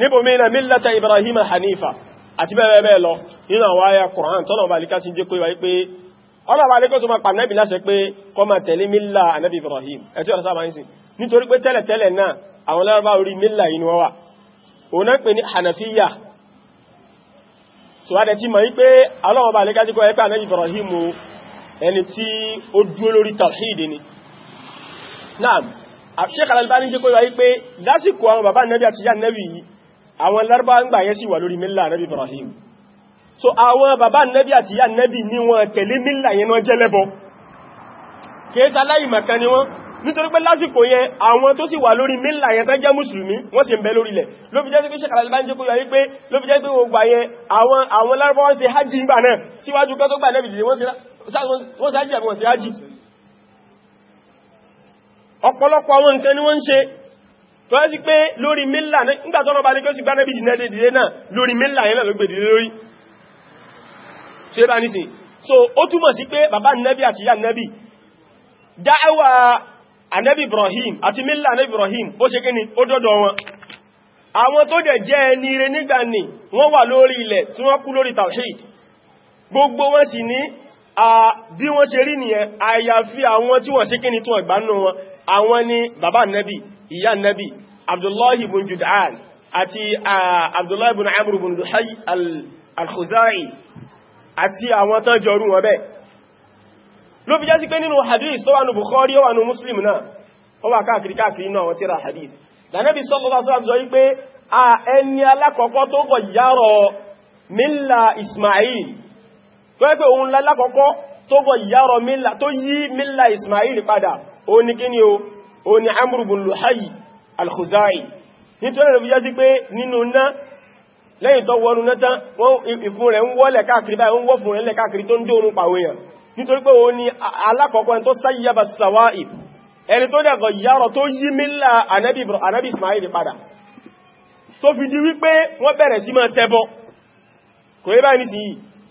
níbo mẹ́na millata ibrahim hanifa àti bẹ́ẹ̀ bẹ́ẹ̀ lọ nínú àwọn ayá kùrán tọ́nà ọba alíká sí jẹ́ kó wáyé pé ọlọ́ba alíkó tó máa pàdánàbì láṣẹ pé kó máa tẹ̀lé mílà anábì ibrahim ẹ̀tí ọ̀rọ̀ sábà ń sìn nítorí pé tẹ́lẹ̀ tẹ́lẹ̀ náà àwọn lárúbá orí mílà inú wà òun náà pè ní hanafiya so adẹ̀ ti mọ̀ yí pé ọlọ́ba alíká sí kó wáyé pé anábì àwọn Lárúbáwá ń gbà yẹn sì wà lórí mílà nẹ́bí Ibrahim so àwọn bàbá nẹ́bí àti ìyá nẹ́bí ní wọn tẹ̀lé mílà yẹn wọ́n jẹ́lẹ́bọ kèésa láì ni wọ́n nítorí pé lásìkò yẹn àwọn tó sì wà lórí mílà yẹn tán jẹ́ mùsùlùmí wọ́n sì ń bẹ lórí ilẹ̀ ló fi jẹ́ pé Sheikh Al-Albani jẹ́ kó yọ wípé ló fi jẹ́ pé wọ́n gbà yẹn àwọn àwọn Lárúbáwá ṣe hajji ń gbà náà síwájú kan tó gbà nẹ́bì dìde ọ̀pọ̀lọpọ̀ àwọn nǹkan ni wọ́n ń ṣe tó ẹ́ sí pé lórí mílà nígbàtọ́nà bá ní kí ó sì gbá nẹ́bí jìnà dédìdé náà lórí mílà yẹn lọ gbèdìdé lórí ṣe bá nìsìn so ó túmọ̀ sí pé bàbá nẹ́bí àti ìyá nẹ́bí dáẹ́wà anẹ́bí Ibrahim àti mílà anẹ́bí Ibrahim ó ṣe kí ni ó dọ́dọ̀ wọn àwọn tó dẹ̀ jẹ́ ẹni ire nígbà ni wọ́n wà lórí ilẹ̀ tí wọ́n kú lórí tawhid gbogbo wọn sì ní bí wọ́n ṣe rí nìyẹn àyàfi àwọn tí wọ́n ṣe kí ni tún ẹgbánú wọn àwọn ni bàbá nẹ́bì ìyá nẹ́bì abdullahi ibn jud'an àti abdullahi ibn amr ibn luhay al-khuzai àti àwọn tán jọrú wọn bẹ́ẹ̀ ló fi jásí pé nínú hadith tó wà ní bukhari ó wà ní muslim náà tó ẹ́ pé òun lálákọ́kọ́ tó bọ̀ yàrọ mílà tó yí mílà Ismail padà ó ní kí ni o ó ní Amru bin Luhay al-Khuzai nítorí rẹ̀ fi yá sí pé nínú ná lẹ́yìn tó wọnú ná tán wọ́n ìfún rẹ̀ ń wọ́lẹ̀ káàkiri báyìí ń wọ́fún rẹ̀ káàkiri tó ń dé orun pàwẹ̀yàn nítorí pé òun ni alákọ̀ọ́kọ́ tó sáyíyàbà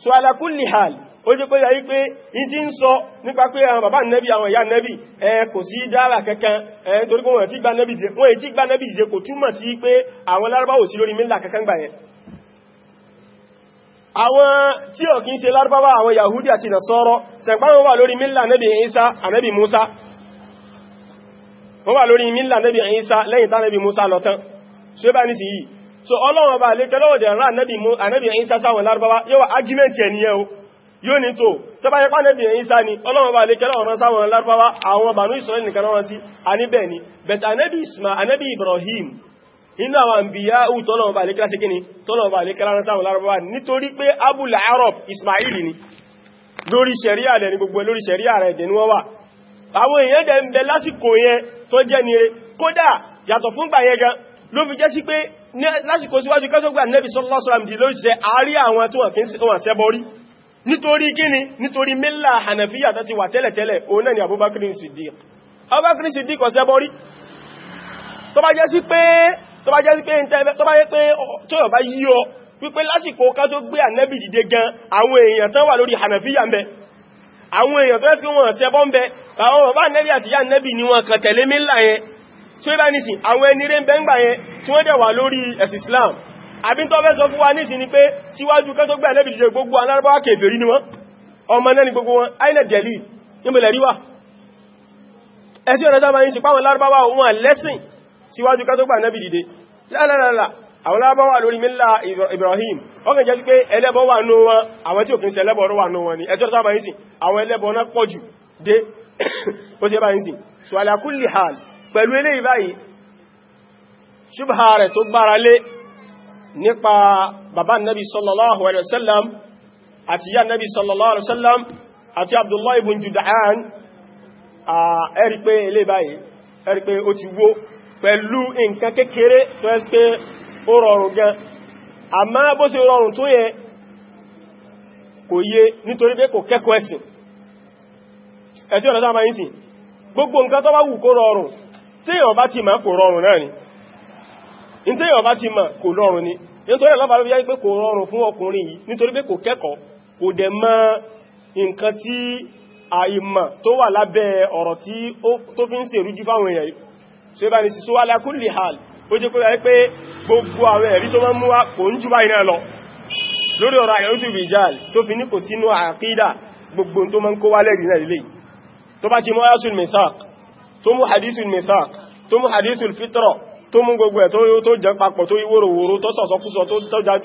so ala kulli hal ó jẹ́ pé yàí pé ìdí ń sọ nípa pé àwọn bàbá nẹ́bí àwọn ìyá nẹ́bí ẹ kò sí dára kankan ẹ torí pé wọ́n ti gba nẹ́bí dìde wọ́n ti gba nẹ́bí dìde kò túmọ̀ sí pé àwọn lárúbáwò sí lórí mílà kankan gbà yẹn àwọn tí ò kí ń ṣe lárúbáwà àwọn yahudi àti nasọ́rọ̀ sẹ̀gbọ́n wà lórí mílà nẹ́bí isa ànẹ́bí musa wọ́n wà lórí mílà nẹ́bí isa lẹ́yìn tánẹ́bí musa lọ́tán ṣe bá ní sí yìí so ọlọ́run ọba àlékẹ́ lọ́wọ́ dẹ̀ rán ànábì ẹ̀yìn sásáwọn lárúbáwá yóò argument ẹ̀ ní ẹ̀wọ́ yóò ní tó tọ́bá yẹ pánẹ́bì ẹ̀yìn sá ni ọlọ́run ọba àlékẹ́ lọ́wọ́ rán sáwọn lárúbáwá àwọn bànú Ísírẹ́lì nìkan rán sí Isma ànábì Ibrahim inú àwọn àmbìyà ù tọ́lọ́run ọba àlékẹ́ lásìkí ni tọ́lọ́run Arab Ismail ni lórí ṣẹ̀ríà rẹ̀ ni gbogbo lórí ṣẹ̀ríà rẹ̀ dẹ̀ ni wọ́n wà àwọn èèyàn dẹ̀ ń bẹ lásìkò yẹn tó jẹ́ nire kódà yàtọ̀ fún gbà yẹn gan ló fi jẹ́ sí pé lásìkò síwájú kẹ́sọ́gbà nẹ́bí sọ́lọ́sọ́lám di lórí ṣe àárí àwọn tí wọ́n kí wọ́n ṣẹbọ rí nítorí kíni nítorí mílà hànàfíyà tó ti wà tẹ́lẹ̀tẹ́lẹ̀ òun náà ni Abubakar Siddiq Abubakar Siddiq kò ṣẹbọ rí tó bá jẹ́ sí pé tó bá jẹ́ sí pé tó bá jẹ́ pé tó yọ̀ bá yí ọ wípé lásìkò ká tó gbé ànẹ́bì dìde gan àwọn èèyàn tán wà lórí hànàfíyà ń bẹ àwọn èèyàn tó yẹ́ so ibá nísìn àwọn ẹni rẹ̀ ń bẹ ńgbà yẹn tí wọ́n dẹ̀ wà lórí ẹ̀sì Islam àbí tó fẹ́ sọ fún wa nísìn ni pé síwájú kan tó gbà lẹ́bì jẹ́ gbogbo alárabáwà kèfèrí ni wọ́n ọmọ náà ni gbogbo wọn aina dẹ̀lì níbẹ̀lẹ̀ ríwà ẹ̀sí ọ̀nà dáma yìí sí pàwọn lárabáwà wọn lẹ́sìn síwájú kan tó gbà lẹ́bì dìde lálàlàlà àwọn lárabáwà lórí mílà Ibrahim ọkàn jẹ́ pé ẹlẹ́bọ wà nú wọn àwọn tí òfin ṣẹlẹ́bọ wà nú wọn ni ẹjọ́ dáma yìí sí àwọn ẹlẹ́bọ náà pọ̀jù dé ó sì bá yìí sí so ala kulli hal pẹ̀lú eléyìí báyìí ṣubha rẹ̀ tó gbára lé nípa bàbá nabi sallallahu alaihi wasallam àti ya nabi sallallahu alaihi wasallam àti abdullahi ibn juda'an a ẹ̀rí pé eléyìí báyìí ẹ̀rí pé ó ti wó pẹ̀lú nǹkan kékeré tó ẹ́sì pé ó rọrùn gan àmá bó ṣe rọrùn tó yẹ kò yé nítorí pé kò kẹ́kọ̀ọ́ ẹ̀sìn gbogbo nǹkan tó bá wù kó rọrùn tí èyàn bá ti ma kò rọrùn náà ni in tí ma kò rọrùn ni nítorí ọlọ́pàá ló fi yáyí pé kò rọrùn fún ọkùnrin yìí nítorí pé kò kẹ́kọ̀ọ́ kò dẹ̀ mọ̀ nǹkan tí àìmọ̀ tó wà lábẹ́ ọ̀rọ̀ tí ó fi ń ṣe rújú fáwọn èèyàn yìí ni sísú wálá kúrì hàl ó jẹ́ kó yáyí pé gbogbo àwọn ẹ̀rí tó máa mú wá kò ń jù báyìí náà lọ lórí ọ̀rọ̀ àyẹ̀wòsù rijal tó fi ní kò sínú àkídà gbogbo tó máa ń kó wálẹ̀ rí náà lélẹ̀ tó mú hadithul mithaq tó mú hadithul fitra tó mú gbogbo ẹ̀ tó jẹ papọ̀ tó ìwòròwòrò tó sọ̀sọ̀kúsọ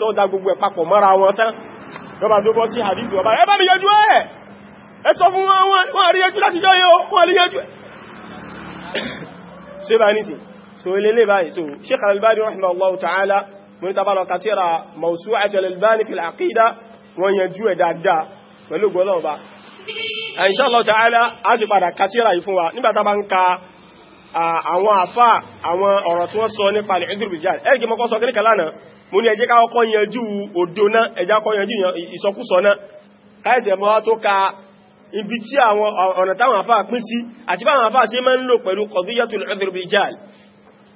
tó dá gbogbo ẹ̀ papọ̀ mọ́ra wọn tán lọ́bàá tó bọ́ sí hadithu ọba ẹbá mi yẹjú ẹ̀ ẹ sọ fún wọn wọ́n rí yẹjú láti jọ́yẹ wọ́n rí yẹjú ṣe bá nìsí so ilé báyìí insha Allah ta'ala á ti padà ka tírà yìí fún wa nígbà tá a bá ń ka àwọn àfà àwọn ọ̀rọ̀ tí wọ́n sọ nípa al-udhr bil-jahl ẹ̀ kí mo kọ́ sọ kíníkà lánàá mo ní ẹ jẹ́ ká kọ́kọ́ yanjú òdo náà ẹ jẹ́ ká kọ́kọ́ yanjú ìsọkúsọ náà káyẹ̀tẹ̀ mọ́ tó ka ibi tí àwọn ọ̀nà táwọn àfà pín sí àti báwọn àfà sí máa ń lò pẹ̀lú qadiyatul udhr bil-jahl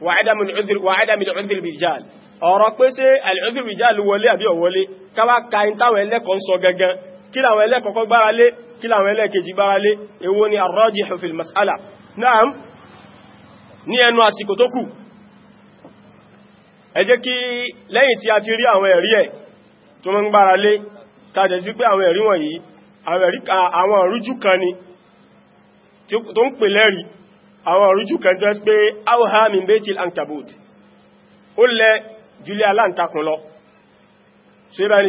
wa 'adamul udhr wa 'adamul udhr bil-jahl ọ̀rọ̀ pé ṣé al-udhr bil-jahl wọlé àbí ọ̀wọlé káwá ka in táwọn ẹlẹ́kọ̀ọ́ ń sọ gangan kí làwọn ẹlẹ́kọ̀ọ́ gbára lé kí láwọn ẹlẹ́ẹ̀kejì gbára lé èwo ni ar-rajihu mas'ala naam ní ẹnu àsìkò tó kù ẹ jẹ́ kí lẹ́yìn tí a ti rí àwọn ẹ̀rí ẹ̀ tó mọ́ ń gbára lé tàjẹ̀ sí pé àwọn ẹ̀rí wọ̀nyí àwọn ìrújú kan ni tó ń pè lẹ́rí àwọn ìrújú kan jẹ́ pé awha min betil ó lẹ jùlẹ̀ aláǹtakùn lọ so ibá ní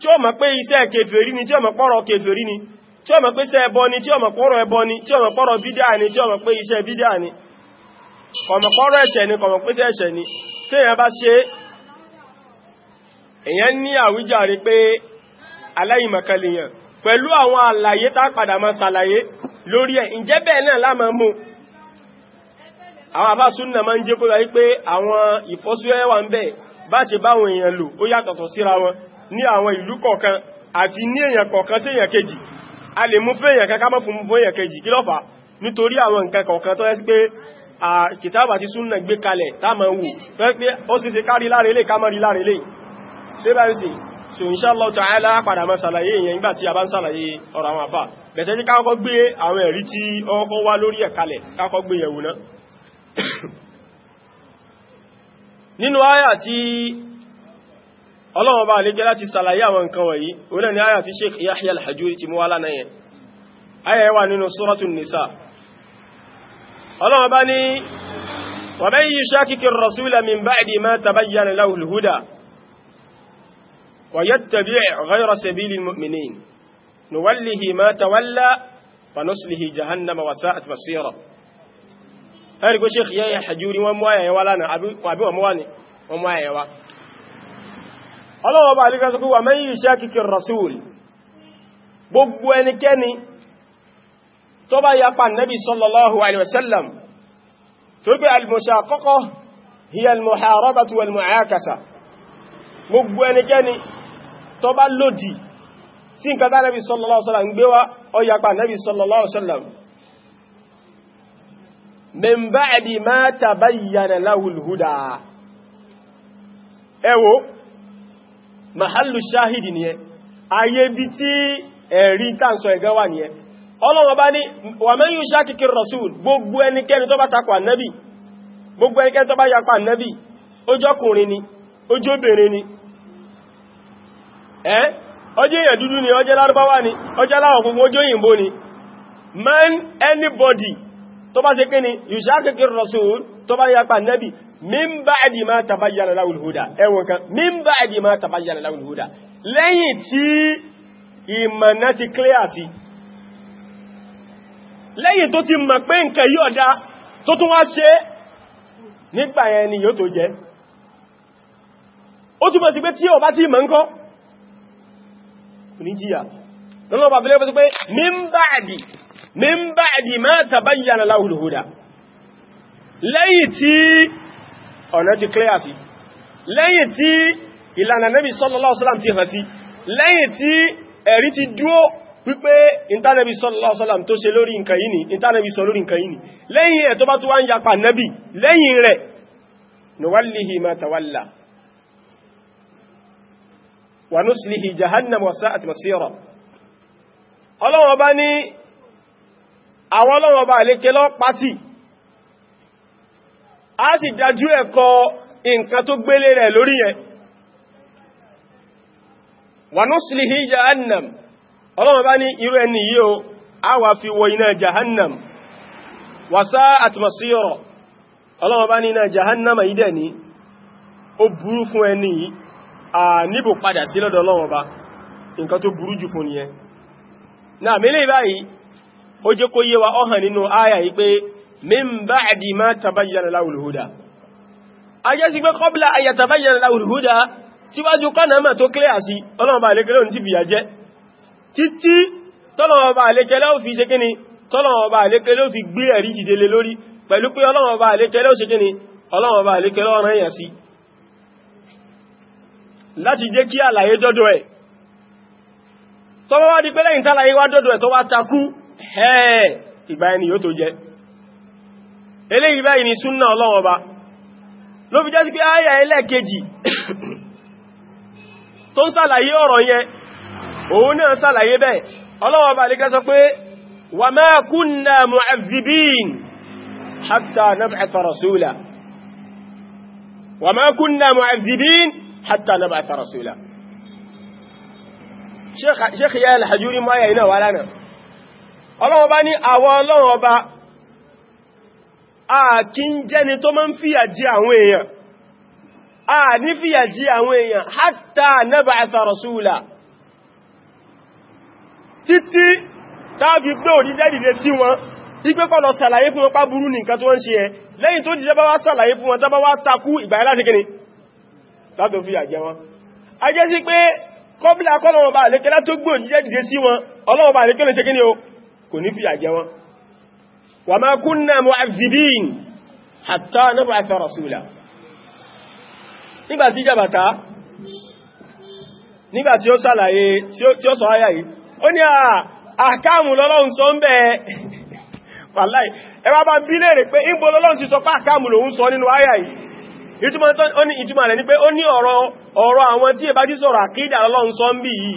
tí ó mọ̀ pé iṣẹ́ kèfèrí ni tí ó mọ̀ pọ́rọ̀ kèfèrí ni tí ó mọ̀ pé iṣẹ́ ẹbọ ni tí ó mọ̀ pọ́rọ̀ ẹbọ ni tí ó mọ̀ pọ́rọ̀ bídíà ni tí ó mọ̀ pé iṣẹ́ bídíà ni kọ̀mọ̀ pọ́rọ̀ ẹ̀ṣẹ̀ ni kọ̀mọ̀ pé ẹ̀ṣẹ̀ ni tí èyàn bá ṣe èyàn ní àwíjàre pé aláìmọ̀kẹlìyàn pẹ̀lú àwọn àlàyé tá padà máa ṣàlàyé lórí ẹ̀ ǹjẹ́ bẹ́ẹ̀ náà lámọ̀ mú àwọn àbá súnnà máa ń jẹ́ kó wáyé pé ní àwọn ìlú kọ̀ọ̀kan àti ní èyàn kọ̀ọ̀kan sí èyàn kejì a lè mú fún èyàn kankan mọ́ fún èyàn kejì kí ló fà nítorí àwọn nǹkan kọ̀ọ̀kan tó ẹ́sí pé kìtàbà ti súnnà gbé kalẹ̀ táàmà wù pé ó so inshallah ta'ala padà mọ́ sàlàyé èyàn nígbà tí a bá ń sàlàyé ọ̀rọ̀ àwọn àfà bẹ̀tẹ́ ní kákọ́ gbé àwọn ẹ̀rí tí ọkọ́ wá lórí ẹ̀ ọlọ́wọ́n bá alẹ́gẹ́ láti sàlàyé àwọn nǹkan wọ̀nyí oní ni àyà tí sheikh yahya al-hajuri ti mú wálá náyẹn àyà yẹn wà nínú suratul nisa ọlọ́wọ́n bá ní wa man yushaqiqi ar-rasula min ba'di ma tabayyana lahu al-huda wa yattabi' ghayra sabili ọlọ́wọ́ bá alíkà sọ pé wà mẹ́yìn iṣẹ́ kìkìr rasul gbogbo ẹnikẹ́ni tó bá yapa nẹ́bí sallallahu alaihi wasallam tó pé al-mushaqqaqa hiya al-muharabatu wal-mu'akasa gbogbo ẹnikẹ́ni tó bá lòdì sí nǹkan tá nẹ́bí sallallahu alaihi wasallam gbé wá mahallu shahidi ni ẹ ayé bí tí ẹ̀rí tàǹsọ ẹ̀gẹ́ wà ni ẹ ọlọ́wọ́ bá ní wà rasul gbogbo ẹnikẹ́ni tó bá takò gbogbo ẹnikẹ́ni tó bá yapa ànábì ni ojóbìnrin ni ẹ́ ọjọ́ èèyàn dúdú ni ọjọ́ lárúbáwá ni ọjọ́ aláwọ̀ gbogbo òyìnbó ni man anybody tó bá kí ni tó min ba'di ma tabayyana lahu al-huda ẹwọn kan min ba'di ma tabayyana lahu al-huda lẹ́yìn tí ìmọ̀nà ti clear sí lẹ́yìn tó ti mọ̀ pé nǹkan yóò dá tó tún wá ṣe nígbà yẹn ni yóò tó jẹ́ ó túnmọ̀ sí pé tí ó bá ti mọ̀ ńkọ́ kò ní jìyà lọ́nà bàbá pé min ba'di min ba'di ma tabayyana lẹ́yìn tí ọ̀nà ti clear sí lẹ́yìn tí ìlànà nẹ́bí sallallahu alaihi wasallam ti hàn sí lẹ́yìn tí ẹ̀rí ti dúó wípé ìntánẹ́bí sallallahu alaihi wasallam tó ṣe lórí nǹkan yìí ni ìntánẹ́bí sọ lórí nǹkan yìí ni lẹ́yìn ẹ̀ tó bá tó wá ń yapa nẹ́bí lẹ́yìn rẹ̀ nuwallihi ma àwọn ọlọ́wọ́ bá àlékelọ́ pátì a sì dájú ẹ̀kọ́ nǹkan tó gbélé rẹ̀ lórí yẹn wa nuslihi jahannam ọlọ́run bá ní irú ẹni a wà fi wọ iná jahannam wa sa'at masira bá ní iná jahannama yìí dẹ̀ ó burú fún ẹni yìí a níbò padà sí lọ́dọ̀ ọlọ́run bá to buru Na mele wa min ba'di ma tabayyana lahul huda aje si pé qabla ay tabayyana lahul huda tí wájú kana ma tó clear sí Ọlọ́run ba le kele on ti biya je títí t'Ọlọ́run ba le kele ó fi ṣe kíni t'Ọlọ́run ba le kele fi gbé ẹ̀rí dìde lórí pẹ̀lú pé Ọlọ́run ba eléyìí báyìí ni súnnà ọlọ́wọ́ bá ló fi jásí pé ayà ẹlẹ́ẹ̀kejì tó ń sàlàyé ọ̀rọ̀ yẹn òun náà sàlàyé bẹ́ẹ̀ ọlọ́wọ́ bá lè kẹsọ pé wa ma kunna mu'adhdhibin hatta nab'atha rasula wa ma kunna mu'adhdhibin hatta nab'atha rasula Sheikh Yahya al-Hajuri máa àwọn ọlọ́wọ́ a kí ń jẹ́ni tó máa ń fìyà jẹ àwọn èèyàn a ní fìyà jẹ àwọn èèyàn hatta nab'atha rasula títí tàbí pé òdíjẹ́ dìde sí wọn ipé kọlọ sàlàyé fún wọn pá burú ní nǹkan tó ń ṣe ẹ lẹ́yìn tó jíjẹ́ bá wá sàlàyé fún wọn tábá wá takú ìgbà láti kíni وما كنا معذبين حتى نبعث nab'atha rasula nígbàtí jàbàtà nígbàtí ó sàlàyé tí ó sọ ayá yìí ó ní àkáàmù ah, lọ́lọ́run sọ ń bẹ̀ wàláì ẹwà bá bí lè rẹ̀ pé ìgbò lọ́lọ́run ti sọ pá àkáàmù lòun sọ nínú ayá yìí ìtumọ̀ rẹ̀ ní pé ó ní ọ̀rọ̀ àwọn tí ìbájí sọ̀rọ̀ àkídà lọ́lọ́run sọ ń bí yìí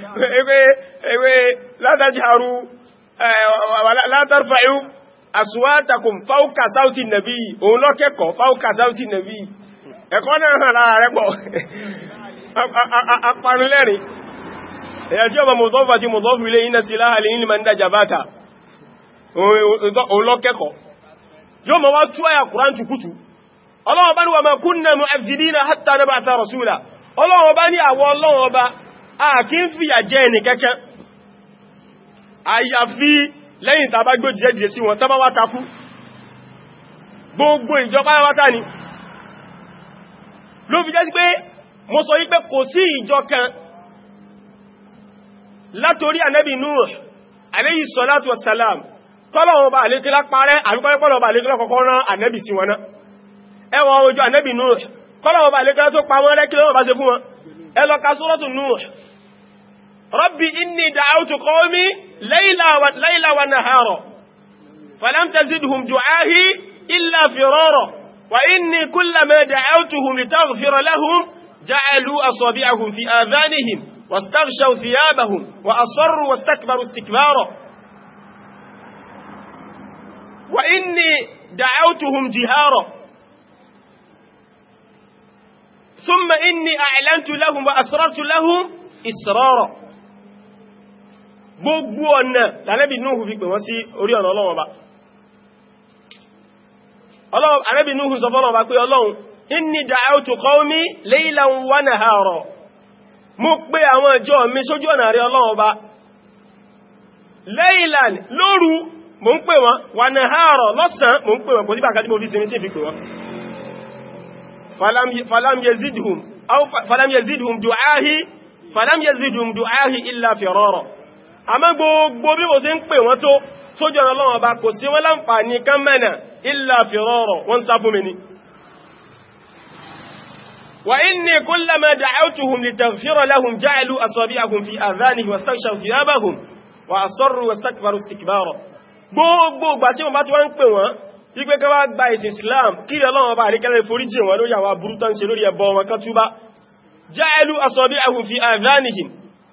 ewe la tajharu eh, la tarfa'u aswatakum fawqa sawti an-nabi o lo keko fawqa sawti an-nabi e ko na la re po apanleri e ajo ba mudhofa ji mudhofu ile ina silaha lin man da jabata o lo keko yo ma wa tu ya qur'an tukutu allah ba wa ma kunna mu'azzibina hatta nab'atha rasula allah ba ni awo a kí ń fìyà jẹ ẹni kẹ́kẹ́ àyàfi lẹ́yìn tàbá gbójìẹ́ jìẹ́ sí wọn tàbá wá takú gbogbo ìjọba wátá ni ló fi jẹ́ sí pé mo sọ yí pé kò sí ìjọ kan látorí ànábì Nuh alayhi salatu wassalam tọ́lọ̀wọ́ bá àlékílá parẹ́ àríkọ́lẹ́kọ́lọ̀ bá àlékílá kọ́kọ́ rán ànábì sí wọn náà ẹwọ ojú ànábì Nuh kọ́lọ̀wọ́ bá àlékílá tó pa wọ́n rẹ́ kí lọ́wọ́ bá ṣe fún wọn ẹlọ́ka Suratu Nuh ربي إني دعوت قومي ليلا, ليلا ونهارا فلم تزدهم دعائي إلا فرارا وإني كلما دعوتهم لتغفر لهم جعلوا أصابعهم في آذانهم واستغشوا ثيابهم وأصروا واستكبروا استكبارا وإني دعوتهم جهارا ثم إني أعلنت لهم وأسررت لهم إسرارا gbogbo ọ̀nà lànẹ́bì núhù fi pè wọ́n sí orí ọ̀nà ọlọ́wọ́ bá ànẹ́bì núhù sọ fọ́nà bá pé ọlọ́run inni da'awtu qawmi laylan wa nahara mo pé àwọn ìjọ mi sójú ọ̀nà rí ọlọ́wọ́ bá laylan lóru mo ń pè wa nahara lọ́sàn mo ń pè wọ́n kò sí mo fi sinmi tí fi falam yazidhum falam yazidhum du'ahi falam yazidhum du'ahi illa firara àmọ́ gbogbo bí mo ṣe ń pè wọ́n tó sójú ọ̀nà Ọlọ́run ọba kò sí wọ́n láǹfààní kan mẹ́nà illa firara wọ́n sá fún mi ni wa inni kullama da'awtuhum litaghfira lahum ja'alu asabi'ahum fi adhanihim wastaghshaw thiyabahum wa asarru wastakbaru istikbara gbogbo ìgbà tí wọ́n bá ti wá ń pè wọ́n fi adhanihim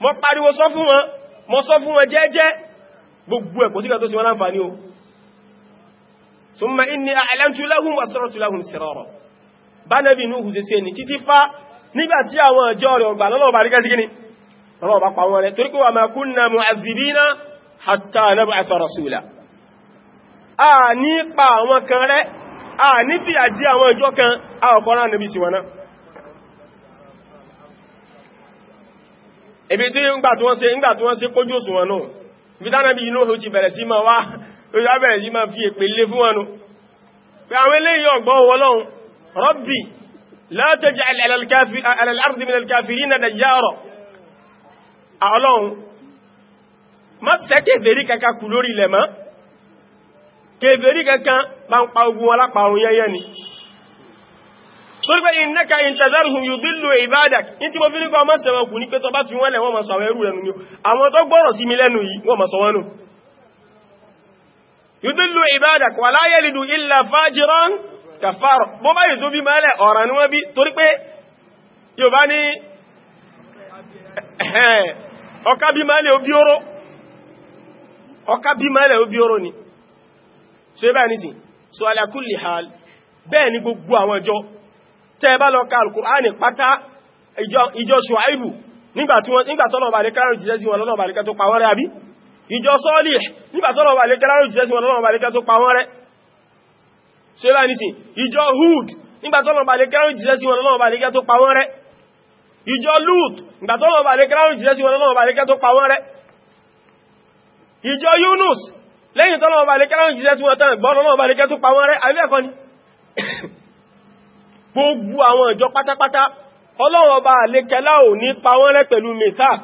mo pariwo sọ fún wọn mo sọ fún wọn jẹ́jẹ́ gbogbo ẹ̀kọ́ síkà tó sí wọn láǹfàní o summa inni a'lantu lahum wa asrartu lahum sirara bánẹ́bì inú hù sẹ́sẹ́ ni títí fá nígbàtí àwọn ọjọ́ rẹ̀ ọgbà lọ́lọ́ bá rí kẹ́sí gíní lọ́lọ́ bá pa wọn rẹ̀ torí kó wà máa kunna mu'azzibina hatta nab'atha ibi tí ńgbà tí wọ́n ṣe ńgbà tí wọ́n ṣe kójú òṣùwọ̀n náà ibi tánà bí inú ti bẹ̀rẹ̀ sí máa wá lórí abẹ̀rẹ̀ sí máa fi èpè lé fún wọn pé àwọn eléyìí ọgbọ́ Ọlọ́run Rabbi la taj'al 'ala al-ardi min al torí pé innaka intazarhum yudillu ibadak ní tí mo fi ní kọ́ ọmọ sẹ̀wọ̀n kù ní pé tó bá fi wọ́n lẹ̀ wọ́n ma sọ àwọn ẹrú rẹnu ni àwọn tó gbọ́rọ̀ sí mi lẹ́nu yìí wọ́n ma sọ wọ́n nù yudillu ibadak wala yalidu illa fajiran kàfàrọ̀ bó bá yìí tó bí mẹ́lẹ̀ ọ̀rọ̀ yóò bá ní ọká bí mẹ́lẹ̀ ó ó bí oró ni so bá ní sí so ala kulli bẹ́ẹ̀ ni gbogbo àwọn ẹjọ́ tẹ́ bá lọ ka alkùránì pátá ìjọ ṣùháìbù nígbàtọ́lọ̀bà lè kárànù jíṣẹ́ sí wọn lọ́nà bàríkẹ́ tó pàwọ́n rẹ̀ àbí ìjọ sọ́ọ̀lì nígbàtọ́lọ̀bà lè kárànù jíṣẹ́ sí wọn lọ́nà bàríkẹ́ tó pàwọ́n rẹ̀ ṣe bá nìsìn ìjọ Hud nígbàtọ́lọ̀bà lè kárànù jíṣẹ́ sí wọn lọ́nà bàríkẹ́ tó pàwọ́n rẹ̀ ìjọ Lut nígbàtọ́lọ̀bà lè kárànù jíṣẹ́ sí wọn lọ́nà bàríkẹ́ tó pàwọ́n rẹ̀ ìjọ Yunus lẹ́yìn tọ́lọ̀bà lè kárànù jíṣẹ́ sí wọn tán gbọ́nà bàríkẹ́ tó pàwọ́n rẹ̀ àbí ni gbogbo àwọn ìjọ pátápátá ọlọ́run ọba àlékẹ́lá ò ní pa wọ́n rẹ́ pẹ̀lú mesak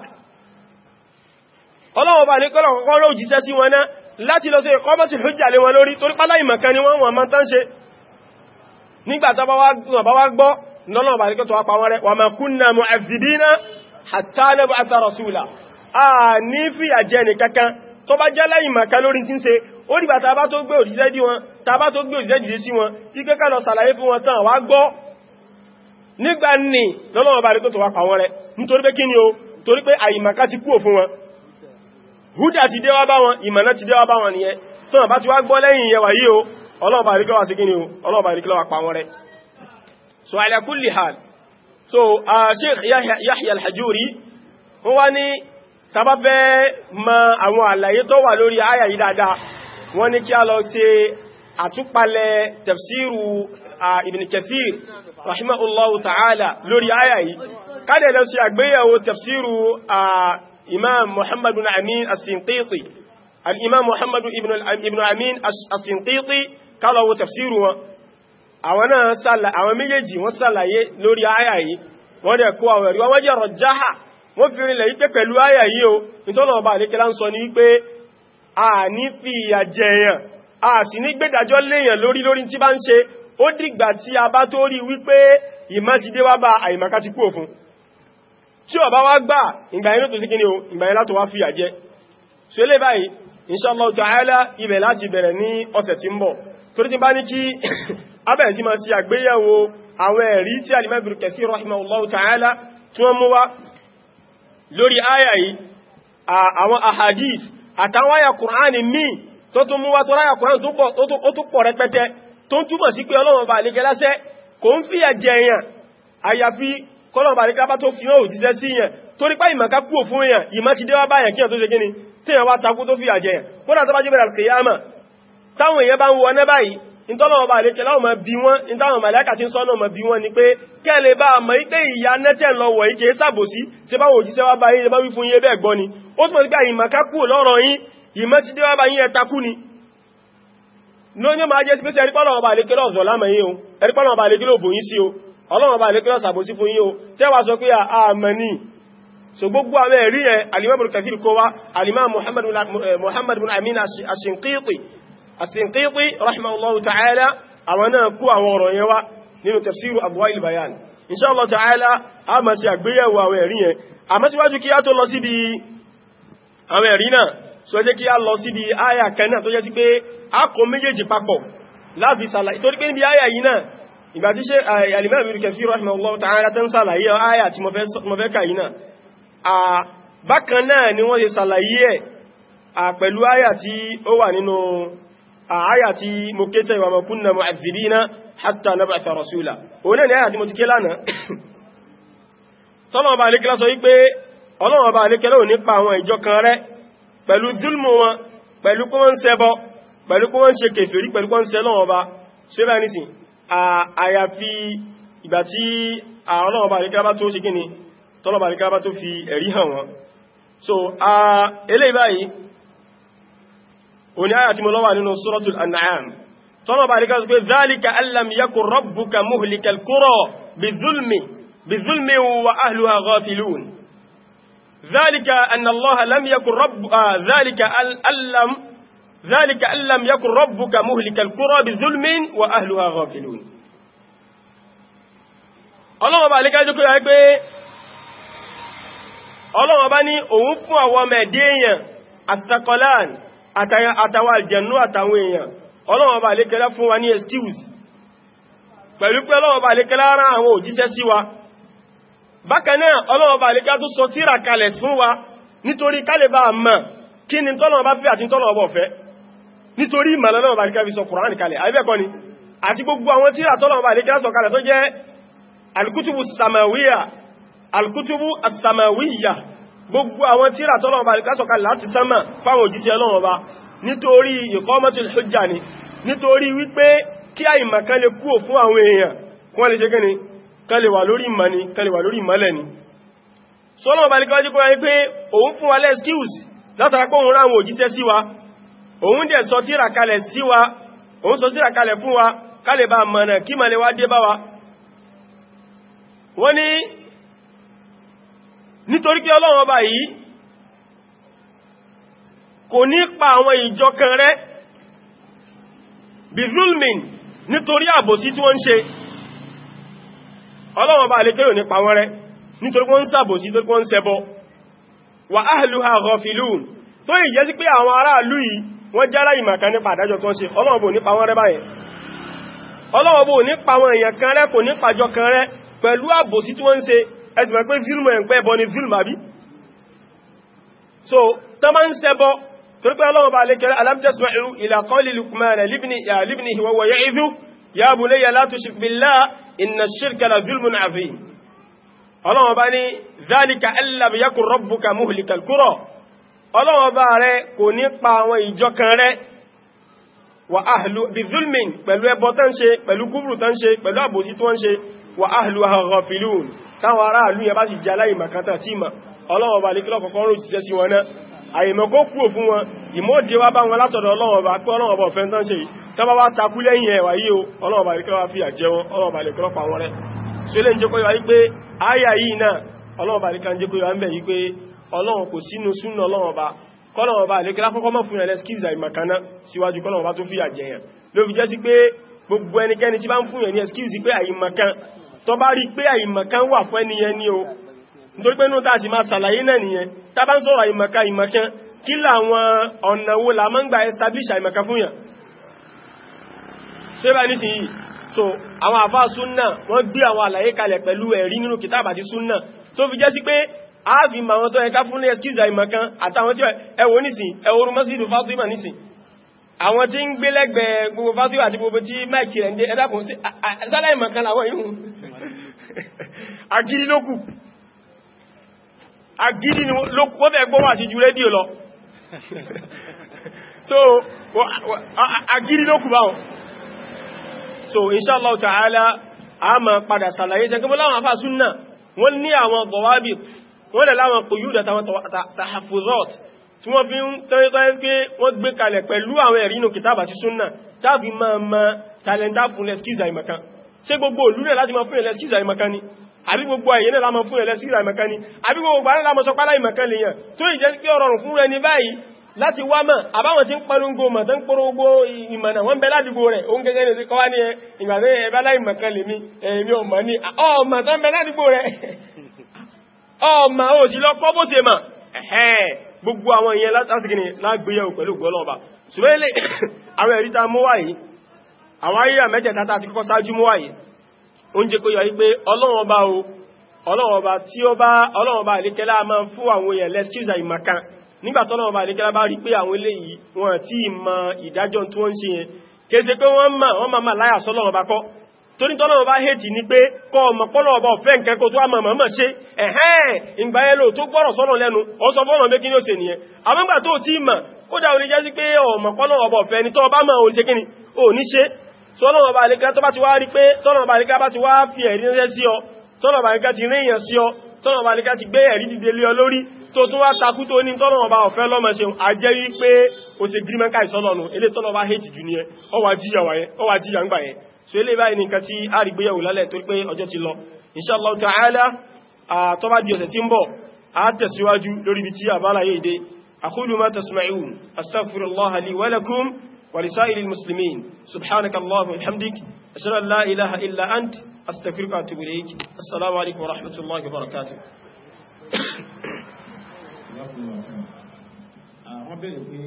ọlọ́run ọba àlékẹ́lá kọ́kọ́ rọ́ òjíṣẹ́ sí wọn náà láti lọ sí ìkọ́mọ̀tì hujja lé wọn lórí torí pálá ìmọ̀kan ni wọ́n wọ́n máa tán ṣe nígbàtá bá wá gbọ́ lọ́lọ́run ọba àlékẹ́ tó wá pa wọ́n rẹ́ wa ma kunna mu'azzibina hatta nab'atha rasula tàbá tó gbé òṣìṣẹ́ jìde sí wọn tí kẹ́kẹ́ lọ sàlàyé fún wọn tán wá gbọ́ nígbà ní lọ́lọ́wọ́ bá rí tó tó wá pa wọn rẹ̀ nítorí pé kí ni o torí pé àìmàká ti kúò fún wọn húdà ti dé wá bá wọn ìmọ̀nà ti dé wá so ala kulli hal so Sheikh Yahya al-Hajuri wọ́n wá ní tàbá fẹ́ ma àwọn àlàyé tó wà lórí àyà yìí dáadáa wọ́n kí a lọ ṣe àtúpalẹ̀ tafsiru a ibn kathir rahimahullahu ta'ala lórí àyà yìí kádẹ̀ lọ sí àgbéyàwó tafsiru a imam muhammadu amin as-sinqiti al-imam muhammadu ibn amin as-sinqiti kálọ̀wó tafsiru wọn àwọn náà sàlà àwọn méjèèjì wọ́n sàlàyé lórí àyà yìí wọ́n dẹ̀ kó àwọn ẹ̀rí a sì ní gbẹ́dàjọ́ léèyàn lórí lórí tí bá ń ṣe ó dìgbà tí a bá tó rí wípé ìmọ́sídé wá bá àìmọ̀ká ti kú òfin tí ó bá wá gbà ìgbàyẹn ló tó sí kíni o ìgbàyẹn látọ̀ wá fìyà jẹ so ilé báyìí inshallah ta'ala ibẹ̀ láti bẹ̀rẹ̀ ní ọ̀sẹ̀ tí ń àtàwọn àyà Kùránì míì tó tún mú wá tó ráyà kùrán tó tún pọ̀ rẹpẹtẹ tó ń túmọ̀ sí pé ọlọ́run bá nígẹ́ lásẹ́ kò ń fìyà jẹ èèyàn àyàfi kọ́lọ̀n bá ní kápá tó fi náà òjíṣẹ́ sí èèyàn tó nípa ìmọ̀ká kúrò fún èèyàn ìmọ̀ ti déwá báyàn kíyàn tó ṣe gíní tí èèyàn wá takú tó fìyà jẹ èèyàn kódà tó bá jẹ́ bẹ̀rẹ̀ kìyàmà táwọn èèyàn bá ń ìmọ́jídé wá bá yí ẹ̀takú ni ní ó ní ma jẹ́ sí pé sí ẹ̀rípọ́lọ̀ ọba àlékẹ́lọ̀ ọ̀zọ̀ lámà yí o ẹ̀rípọ́lọ̀ ọba àlékẹ́lọ̀ òbò yí sí o ọlọ́run ọba àlékẹ́lọ̀ sàbòsí fún yí o tẹ́wà sọ pé àmà ní so gbogbo àwọn ẹ̀rí ẹ̀ alimamul eh, ta'ala àwọn náà kú àwọn ọ̀rọ̀ yẹn wá ta'ala a ma ṣe àgbéyẹ̀wò àwọn ẹ̀rí yẹn àmọ́ síwájú kí á àwọn ẹ̀rí náà so jẹ́ kí a lọ síbi àyà kanáà tó jẹ́ sí pé a kò méjèèjì papọ̀ láti sàlàyé torí pé níbi àyà yìí náà ìgbà tí ṣe àyàlìmọ́ ìbìrì kẹfì rahimahullahu ta'ala tán sàlàyé àyà tí mo fẹ́ kà yìí náà à bákan náà ni wọ́n ṣe sàlàyé ẹ̀ pẹ̀lú àyà tí ó wà nínú àyà tí mo ké tẹ́ wa ma kunna mu'adhdhibina hatta nab'atha rasula òun ni àyà tí mo ti ké tọ́lọ̀ ọba àlékẹ́lá sọ wípé ọlọ́run ọba àlékẹ́lá ò ní àwọn ìjọ kan rẹ́ pẹ̀lú zulmù wọn pẹ̀lú kó wọ́n ṣẹbọ pẹ̀lú kó wọ́n ṣe kèfèrí pẹ̀lú kó wọ́n ṣe lọ́wọ́ bá ṣe bá nìsìn àyàfi ìgbà tí àwọn ọba àríkára tó ṣe gíní tọ́lọ̀bà àríkára tó fi ẹ̀rí so eléyìí báyìí òní àyà tí mo lọ́wà nínú suratul an'am tọ́lọ̀bà àríkára sọ pé zálika allam yakun rabbuka muhlikal qura ذلك أن الله لم يكن رب آه ذلك ألم ذلك أن لم يكن ربك مهلك القرى بظلم وأهلها غافلون ọlọ́wọ́ bá lékájú kó yá pé ọlọ́wọ́ bá ní òun fún àwọn ọmọ ẹ̀dẹ́ èèyàn àtàkọláàn àtàwà àjẹ̀nú àtàwọn èèyàn ọlọ́wọ́ bá lékẹ́lá fún wa ní excuse pẹ̀lú pé ọlọ́wọ́ bá lékẹ́lá rán àwọn òjíṣẹ́ sí wa bákanáà ọlọ́ọ̀bá àlẹ́gá tó sọ tíra kalẹ̀ fún wa nítorí kálẹ̀bá àmà kí ni tọ́lọ̀ọ̀bá fẹ́ àti tọ́lọ̀ọ̀bá ọ̀fẹ́ nítorí ìmọ̀lọ́lọ́ọ̀bá àlẹ́gá fi sọ kùránì kalẹ̀ àìbẹ́kọ́ ni àti gbogbo àwọn tíra tọ́lọ̀ọ̀bá àlẹ́gá sọ kalẹ̀ tó jẹ́ alkutubu samawiya alkutubu asamawiya gbogbo àwọn tíra tọ́lọ̀ọ̀bá àlẹ́gá sọ kalẹ̀ láti sánmà fáwọn òjíṣẹ́ ọlọ́ọ̀bá nítorí iqamatul hujja ni nítorí wípé kí àìmọ̀kan lè kúò fún àwọn èèyàn kí wọ́n lè ṣe kí kẹlẹ̀wà lórí ìmọ̀ ni kẹlẹ̀wà lórí ìmọ̀lẹ̀ ni sọ́lọ́wọ́ bá nípa jíkọ́ wáyé pé òun fún wa lẹ́skíùsì látàrápọ̀ òun ráwọn òjíṣẹ́ sí wa òun dẹ̀ sọ tíra kalẹ̀ sí wa òun sọ tíra kalẹ̀ fún wa kalẹ̀ bá mọ̀nà kí mọ̀lẹ̀ wá dé bá wa wọ́n ní nítorí pé ọlọ́wọ́ bá ọlọ́wọ̀n bá alékèrò nípa wọn rẹ nítorí wọ́n ń sàbò sí torí wọ́n ń ṣẹbọ wà áhìlúhà rọ̀fìlún tó ìjẹ́ sí pé àwọn aráàlú yìí wọ́n jára ìmàkan nípa àdájọ́ tó ń ṣe ọlọ́wọ̀n bò nípa wọn rẹ báyẹn ọlọ́wọ̀n bò nípa wọn èèyàn kan rẹ kò ṣe ẹ̀sìn pé inna shirka la zulmun azim ọlọ́wọ́n bá ní zálika allam yakun rabbuka muhlikal qura ọlọ́wọ́n bá rẹ kò ní pa àwọn ìjọ kan rẹ wa ahlu bi zulmin pẹ̀lú ẹbọ tán ṣe pẹ̀lú kúrù tán ṣe pẹ̀lú àbòsí tó ń ṣe wa ahlu ghafilun táwọn ará ìlú yẹn bá sì jẹ́ aláìmọ̀kántà tí ma ọlọ́wọ́n bá lékílọ́ kọ̀kọ́ rò tọ́bá wá takú lẹ́yìn ẹ̀wà yìí o ọlọ́ọ̀bà lè kọ́lọ́pàá fi àjẹ́ wọn ọlọ́ọ̀bà lè kọ́lọ́pàá wọn rẹ̀ ṣe lè jẹ́ kọ́yọ̀ wípé ayà yìí náà ọlọ́ọ̀bà lè kan jẹ́ kọ́yọ̀ ń bẹ̀ wípé ọlọ́run kò sínú súnà ọlọ́ọ̀bà kọ́lọ́ọ̀bà lè kọ́lá kọ́kọ́ mọ́ fún ẹ̀lẹ́ skills àìmọ̀kaná síwájú kọ́lọ́ọ̀bà tó fi àjẹ́ yẹn ló fi jẹ́ sí pé gbogbo ẹnikẹ́ni tí bá ń fún kí làwọn ọ̀nà wo la máa ń gba establish àìmọ̀kan fún yẹn ṣe bá ní sí yìí so àwọn àfá súnnà wọ́n gbé àwọn àlàyé kalẹ̀ pẹ̀lú ẹ̀rí nínú kìtàbà àti súnnà tó fi jẹ́ sí pé ààbì ma wọn tó ẹka fún ní ẹskíza ìmọ̀kan àtàwọn tí ẹwọ nísìn Mike rẹ̀ ń dé ẹ̀dàkùn sí sálà ìmọ̀kan làwọn yìí agídí ló kù agídí ló kù wọ́n so agídí ló kù báwọn so inshallah ta'ala a ma padà sàlàyé jẹ́ gbogbo láwọn afá súnnà wọ́n ní àwọn bọ̀wábì wọ́n dẹ̀ láwọn kòyúdà táwọn tàhàfùzọ́t tí wọ́n fi ń tẹ́rẹ́tẹ́rẹ́ pé wọ́n gbé kalẹ̀ pẹ̀lú àwọn ẹ̀rínú kìtàbà ti súnnà tàbí ma ma tàlẹ́ntà fún lẹ́skíza ìmọ̀kan ṣe gbogbo òlú rẹ̀ láti ma fún lẹ́skíza ìmọ̀kan ni àbí gbogbo ayé náà lámọ ni àbí gbogbo àrẹ́ lámọ sọpálá ìmọ̀kan lèyàn tó ìjẹ́ pé ọ̀rọ̀rùn fún rẹ ní báyìí láti wá mọ̀ àbáwọn tí ń pẹrungó mọ̀ tán pẹrungó ìmọ̀nà wọ́n bẹ ládìgbò rẹ̀ o ń gẹ́gẹ́ ní sí kọwá ní ìgbàdé ẹbá láìmọ̀kan lè mi èmi ọmọ ní ọmọ tán bẹ ládìgbò rẹ̀ ọmọ ò sí lọ kọ́ bó ṣe mọ̀ gbogbo àwọn ìyẹn lásìkìní lágbéyẹ̀wò pẹ̀lú gọ́lọ́ọ̀bà ṣùgbọ́n ilé àwọn ẹ̀rí ta mú wáyìí àwọn ayéyà mẹ́jẹ̀ta tá ti kọ́kọ́ sáájú mú wáyìí oúnjẹ kó yọ wípé o Ọlọ́run Ọba tí ó bá Ọlọ́run Ọba àlékẹ́lá máa ń fún àwọn èèyàn lẹ́skíza ìmọ̀kan nígbàtọ́lọ́wọ́ bá ìlékẹ́lá bá rí pé àwọn eléyìí wọn tí mọ ìdájọ́ tí wọ́n ń ṣe yẹn kéèṣe pé wọ́n mọ̀ wọ́n máa máa láyà sọ́lọ́wọ́ bá kọ́ torí tọ́lọ́wọ́ bá hẹ́jì ní pé kọ́ ọmọ pọ́lọ́wọ́ bá ọ̀fẹ́ nǹkan kó tó wà mọ̀ mọ̀ ṣe ẹ̀hẹ́n ìgbàyẹ̀lò tó gbọ́rọ̀ sọ́lọ́ lẹ́nu ọ sọ fọ́nà méjì ní òṣè nìyẹn àmọ́gbà tó tí mọ̀ kódà orí jẹ́ ni tọ́ bá mọ̀ òṣè kíni ò ní ti gbé ẹ̀rí dìde lé ọ lórí tó tún wá takú tó ní tọ́lọ̀wọ̀ bá ọ̀fẹ́ lọ́mọ ṣe àjẹ́ yí pé o ṣe gírímẹ́ káì sọ́lọ̀nù ilé tọ́lọ̀wà hate jù ní ẹ ọwà jíyà ń gbà ẹ so ilé báyìí nìkan tí a rí gbéyàwó lálẹ́ tó pé ọjọ́ ti lọ Insha Allah Ta'ala tó bá di ọ̀sẹ̀ tí ń bọ̀ a tẹ̀síwájú lórí bí tí àbálà yé dé aqulu ma tasma'un astaghfirullaha li wa lakum wa lisairil assalamu alaikum wa rahmatullahi wa barakatuh láti wà fún àwọn bẹ̀rẹ̀ pé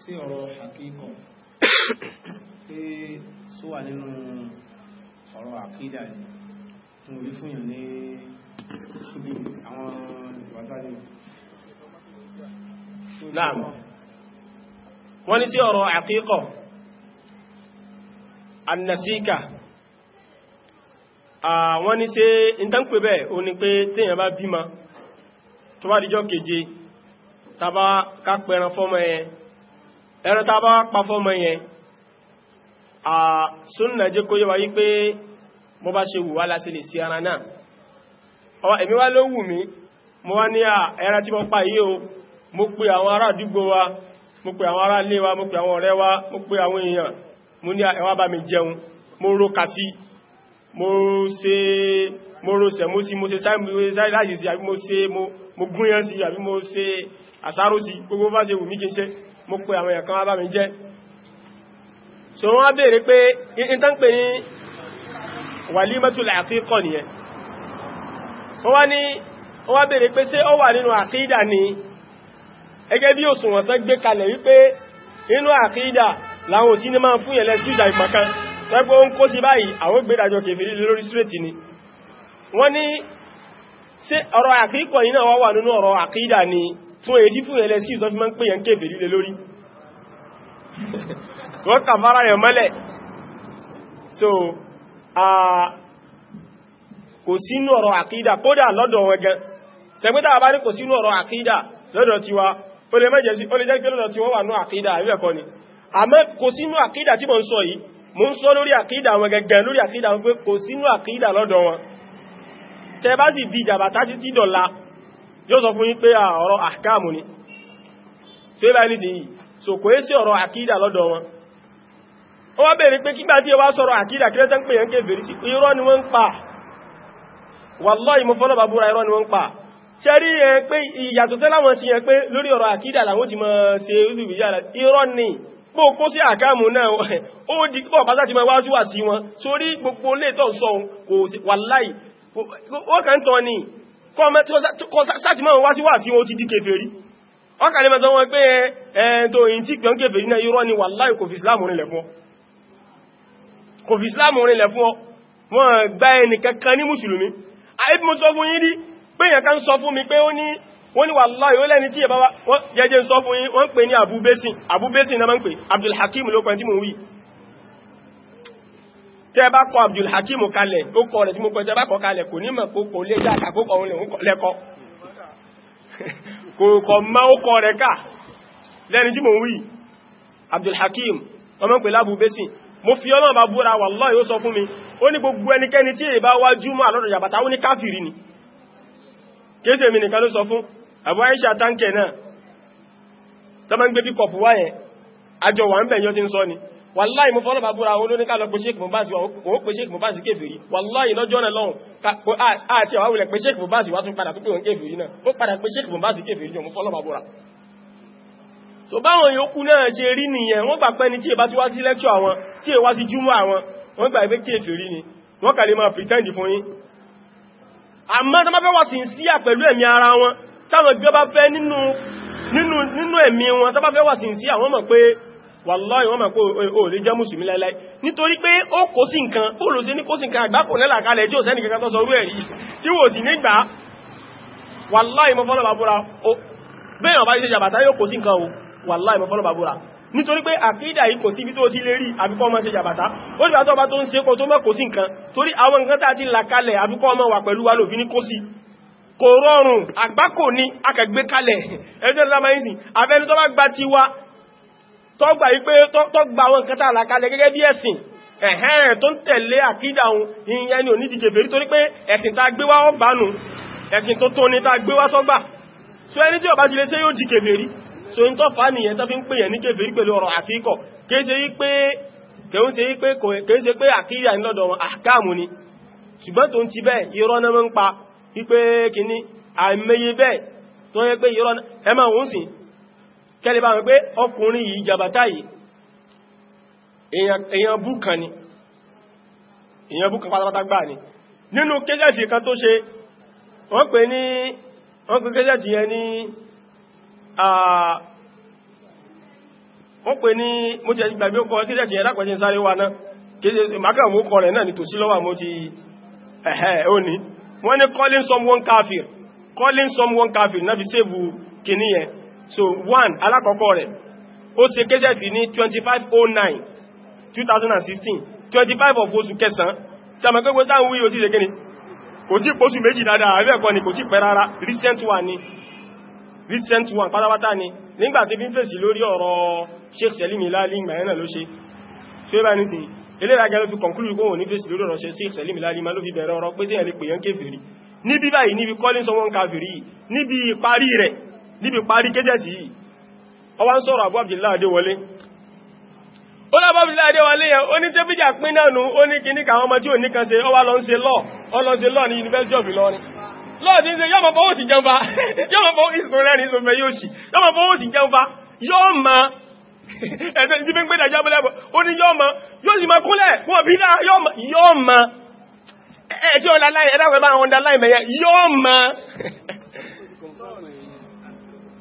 sí ọ̀rọ̀ àkíkọ̀ pé só wà nínú ọ̀rọ̀ àkídà ni tí mo rí fún yàn ní ṣúbí àwọn ìwàtàdé náà wọ́n ní sí ọ̀rọ̀ àkíkọ̀ annasika àwọn ní sí ìtànkù bẹ́ẹ̀ o ni pé tíyàn bá bímọ tó bá dijọ́ keje tàbá ká pẹran fọ́mọ yẹn ẹran tàbá pa fọ́mọ yẹn a súnnà jẹ́ kó yẹ wa yí pé mo bá ṣe wù wá láti lè sí ara náà ọwọ́ èmi wá ló wù mí mo wá ní ẹran tí mo pa mo se mo pe àwọn mo pe àwọn ọ̀rẹ́ wa mo pe àwọn mo se ẹ wá bá mi mo ro mo mo gúnyán sí àbí mo ṣe àsáró sí gbogbo bá ṣe wù mí kí n ṣe mo pè àwọn ẹ̀kan bá mi jẹ́ so wọ́n bèèrè pé ìtàn pè ní wàlímẹ́tùlà àkíkọ̀ nìyẹn wọ́n wá bèèrè pé ṣé ó wà nínú àkídà ni ẹgẹ́ bí òsùnwọ̀n tán gbé kalẹ̀ wípé nínú àkídà láwọn òtí ní máa fún yẹ̀lẹ́ ṣújà ìpàkan tẹ́gbọ́ ń kó sí báyìí àwọn gbẹ́dàjọ kèfèrí lórí súrètì ni wọ́n ní se ọ̀rọ̀ àkíkọ̀ iná wá wà nínú ọ̀rọ̀ àkídà ni tún èdí fún ẹlẹ́ sí ìtọ́fí máa ń pè yàn kéfè líle lórí wọ́n kàfàrà yàn mọ́lẹ̀ so kò sínú ọ̀rọ̀ àkídà kódà lọ́dọ̀ wọn gan sẹgbẹ́ta bá ní kò sínú ọ̀rọ̀ àkídà lọ́dọ̀ tiwa ó lè mẹ́jẹ̀ sí ó lè jẹ́ pé lọ́dọ̀ tiwa wà ní àkídà àríwẹ̀kọ́ ni àmọ́ kò sínú àkídà tí mo ń sọ tẹ bá sì bí jàbàtá títí dọ̀la yóò sọ fún yín pé ọ̀rọ̀ àkáàmù ni tí bá ní sí yìí so kò é sí ọ̀rọ̀ àkídà lọ́dọ̀ wọn ó wá bèèrè pé kígbà tí ẹ wá sọ̀rọ̀ àkídà kí lẹ́tẹ́ sí pa wallahi mo fọ́lọ́ bàbúra irọ́ ni pa ṣe rí yẹn pé ìyàtọ̀ tẹ́lá wọn sí yẹn pé lórí ọ̀rọ̀ àkídà làwọn ti ni bó kó sí àkáàmù náà ó di pọ̀ pátá ti mọ̀ wá sí wà sí wọn sórí gbogbo lè tọ́ sọ kò sí wallahi wọ́n kàn tọ́ ní kọ́sátìmọ̀ wá sí wà sí wọ́n ti di kèfèrí wọ́n kàn lè mẹ́ta wọn pé ẹn tó yìí tí pẹ̀lú kèfèrí náà irọ́ ni wàláhì kò fi islamu rinlẹ̀ fún kò fi islamu rinlẹ̀ fún wọ́n gbá ẹni kankan ní mùsùlùmí àìbí mo sọ fún yín rí pé èyàn kan sọ fún mi pé ó ní wọ́n ni wàláhì ó lẹ́ni tí yẹ bá wá jẹ́jẹ́ sọ fún yín wọ́n pè ní Abu Basin Abu Basin náà máa ń Abdul Hakim ló pẹ̀ tí mo tẹ́ bá kọ Abdul Hakim kalẹ̀ ó kọ rẹ̀ tí mo kọ tẹ́ bá kọ kalẹ̀ kò ní mọ̀ kó kò lè dá àkókò òun lẹ́kọ́ kò kọ̀ mọ́ ó kọ rẹ̀ ká lẹni tí mo wí Abdul Hakim ọmọ pè lábú mo fi ọlọ́run bá búra ó sọ fún mi ó ní gbogbo ẹnikẹ́ni tí èbá wá àlọ́dọ̀ yàbàtà ó ní ni kéèsè mi nìkan ló sọ fún Aisha náà tọ́mọ́ ń gbé àjọ wà ń bẹ̀yọ́ wàláì mo fọ́nà bàbúra àwọn olóníkà lọ pé sheik mubasi wọ́n pé sheik mubasi kéfèrí wàláì lọ́jọ́ náà lọ́hùn àti àwọn ilẹ̀ pé sheik mubasi wá tún padà tó pé òun kéfèrí náà ó padà pé sheik mubasi kéfèrí jọ mo fọ́nà bàbúra so báwọn yòókù náà ṣe rí nìyẹn wọ́n gbà pẹ́ni tí ẹ bá ti wá sí lẹ́kṣọ́ àwọn tí ẹ wá sí júmọ́ àwọn wọ́n gbà pé kéfèrí ni wọ́n kà lè máa pretend fún yín àmọ́ tó bá fẹ́ wà sí sí à pẹ̀lú ẹ̀mí ara wọn táwọn gbé bá fẹ́ nínú ẹ̀mí wọn tó bá fẹ́ wà sí sí àwọn mọ̀ pé wàláì wọ́n mọ̀ pé o lè jẹ́ mùsùlùmí láíláí nítorí pé ó kó sí nǹkan ó lò sí ní kó sí nǹkan àgbákò nílà kalẹ̀ tí ó sẹ́ni kankan tó sọ orú ẹ̀rí tí o wàláì mọ́ fọ́lọ̀ bàbúra nítorí pé àkídà yìí kò síbi tó ti lè rí àbíkọ́ ọmọ ṣe jàbàtà ó sì bàtọ́ ọba tó ń ṣe kò tó mọ́ kò sí nǹkan torí àwọn nǹkan tàà ti là rọrùn àgbákò ní akẹgbẹ́ kalẹ̀ ẹjọ́ lámáyísìn abẹ́ni tó bá gba ti wa tọ́gbà wípé tọ́gbà àwọn nǹkan tààlà kalẹ̀ gẹ́gẹ́ bí ẹ̀sìn ẹ̀hẹ́rẹ̀ tó ń tẹ̀lé àkídà ohun ìyẹn ni onídìje bèrí torí pé ẹ̀sìn ta gbé wá ọgbánu ẹ̀sìn tó tó ní ta gbé wá sọ́gbà so ẹni tí ọba jílé sí yóò jí kèbèrí so in tó fà nìyẹn tó fi ń pè yẹn ní kèbèrí pa wípé kìíní àìmẹye bẹ́ẹ̀ tó yẹ pé irọ́ kẹ́lẹ̀ bá wọn pé ọkùnrin yìí jàbátá yìí èyàn búkan ni èyàn búkan pátápátá gbà ni nínú kéjẹ̀tì kan tó ṣe wọ́n pè ní wọ́n pè kéjẹ̀tì yẹn ní wọ́n pè ní mo ti gbàgbé ọkọ̀ kéjẹ̀tì yẹn lápẹ̀ẹ́ sáré wa náà kéjẹ̀tì mákàmù calling someone kafir calling someone kafir náà fi sèbù so one alákọ̀ọ́kọ́ rẹ̀ ó ṣe kéjẹ̀tì ní 2509 2016 25 of oṣù kẹsàn sàmàkẹ́gbẹ́ táwọn wíyò tí lẹ́kẹ́ni kò tí pọ́sù méjì dáadáa àríẹ̀kọ́ ni kò tí pẹ́ rárá recent one ni recent one pátápátá ni nígbàtí bí ń fèsì lórí ọ̀rọ̀ Sheikh Salim Ilali ìgbà ẹ̀nà ló ṣe ṣe bá nísìn eléraga ló fi conclude kó wọ́n ní fèsì lórí Sheikh Salim Ilali ma ló fi bẹ̀rẹ̀ ọ̀rọ̀ pé sí ẹ̀lẹ́ pèyàn kéfèrí níbi báyìí níbi calling someone kafiri níbi ìparí níbi parí kéjẹ̀sì yìí ọwá ń sọ̀rọ̀ Abu Abdillah Adéwọlé ó lábọ́ Abdillah Adéwọlé yẹn ó ní tẹ́bíjà pín náà nù ó ní kìíní káwọn ọmọ tí ò ní kan ṣe ọwá lọ ń ṣe lọ́ ní University of Ìlọrin lọ́ọ̀ tí ń ṣe yọ́mọ̀ fọwọ́ sí jẹunfa yọ́mọ̀ fọwọ́ sí ìsìnkúnlẹ́rin ìsòfẹ́ yóò sì yọ́mọ̀ fọwọ́ sí jẹunfa yọ́ ma ẹ̀fẹ́ ìdí pín pẹ́dà jábọ́lẹ́bọ̀ ó ní yọ́ ma yóò sì ma kúnlẹ̀ wọ́n bí náà yọ́ ma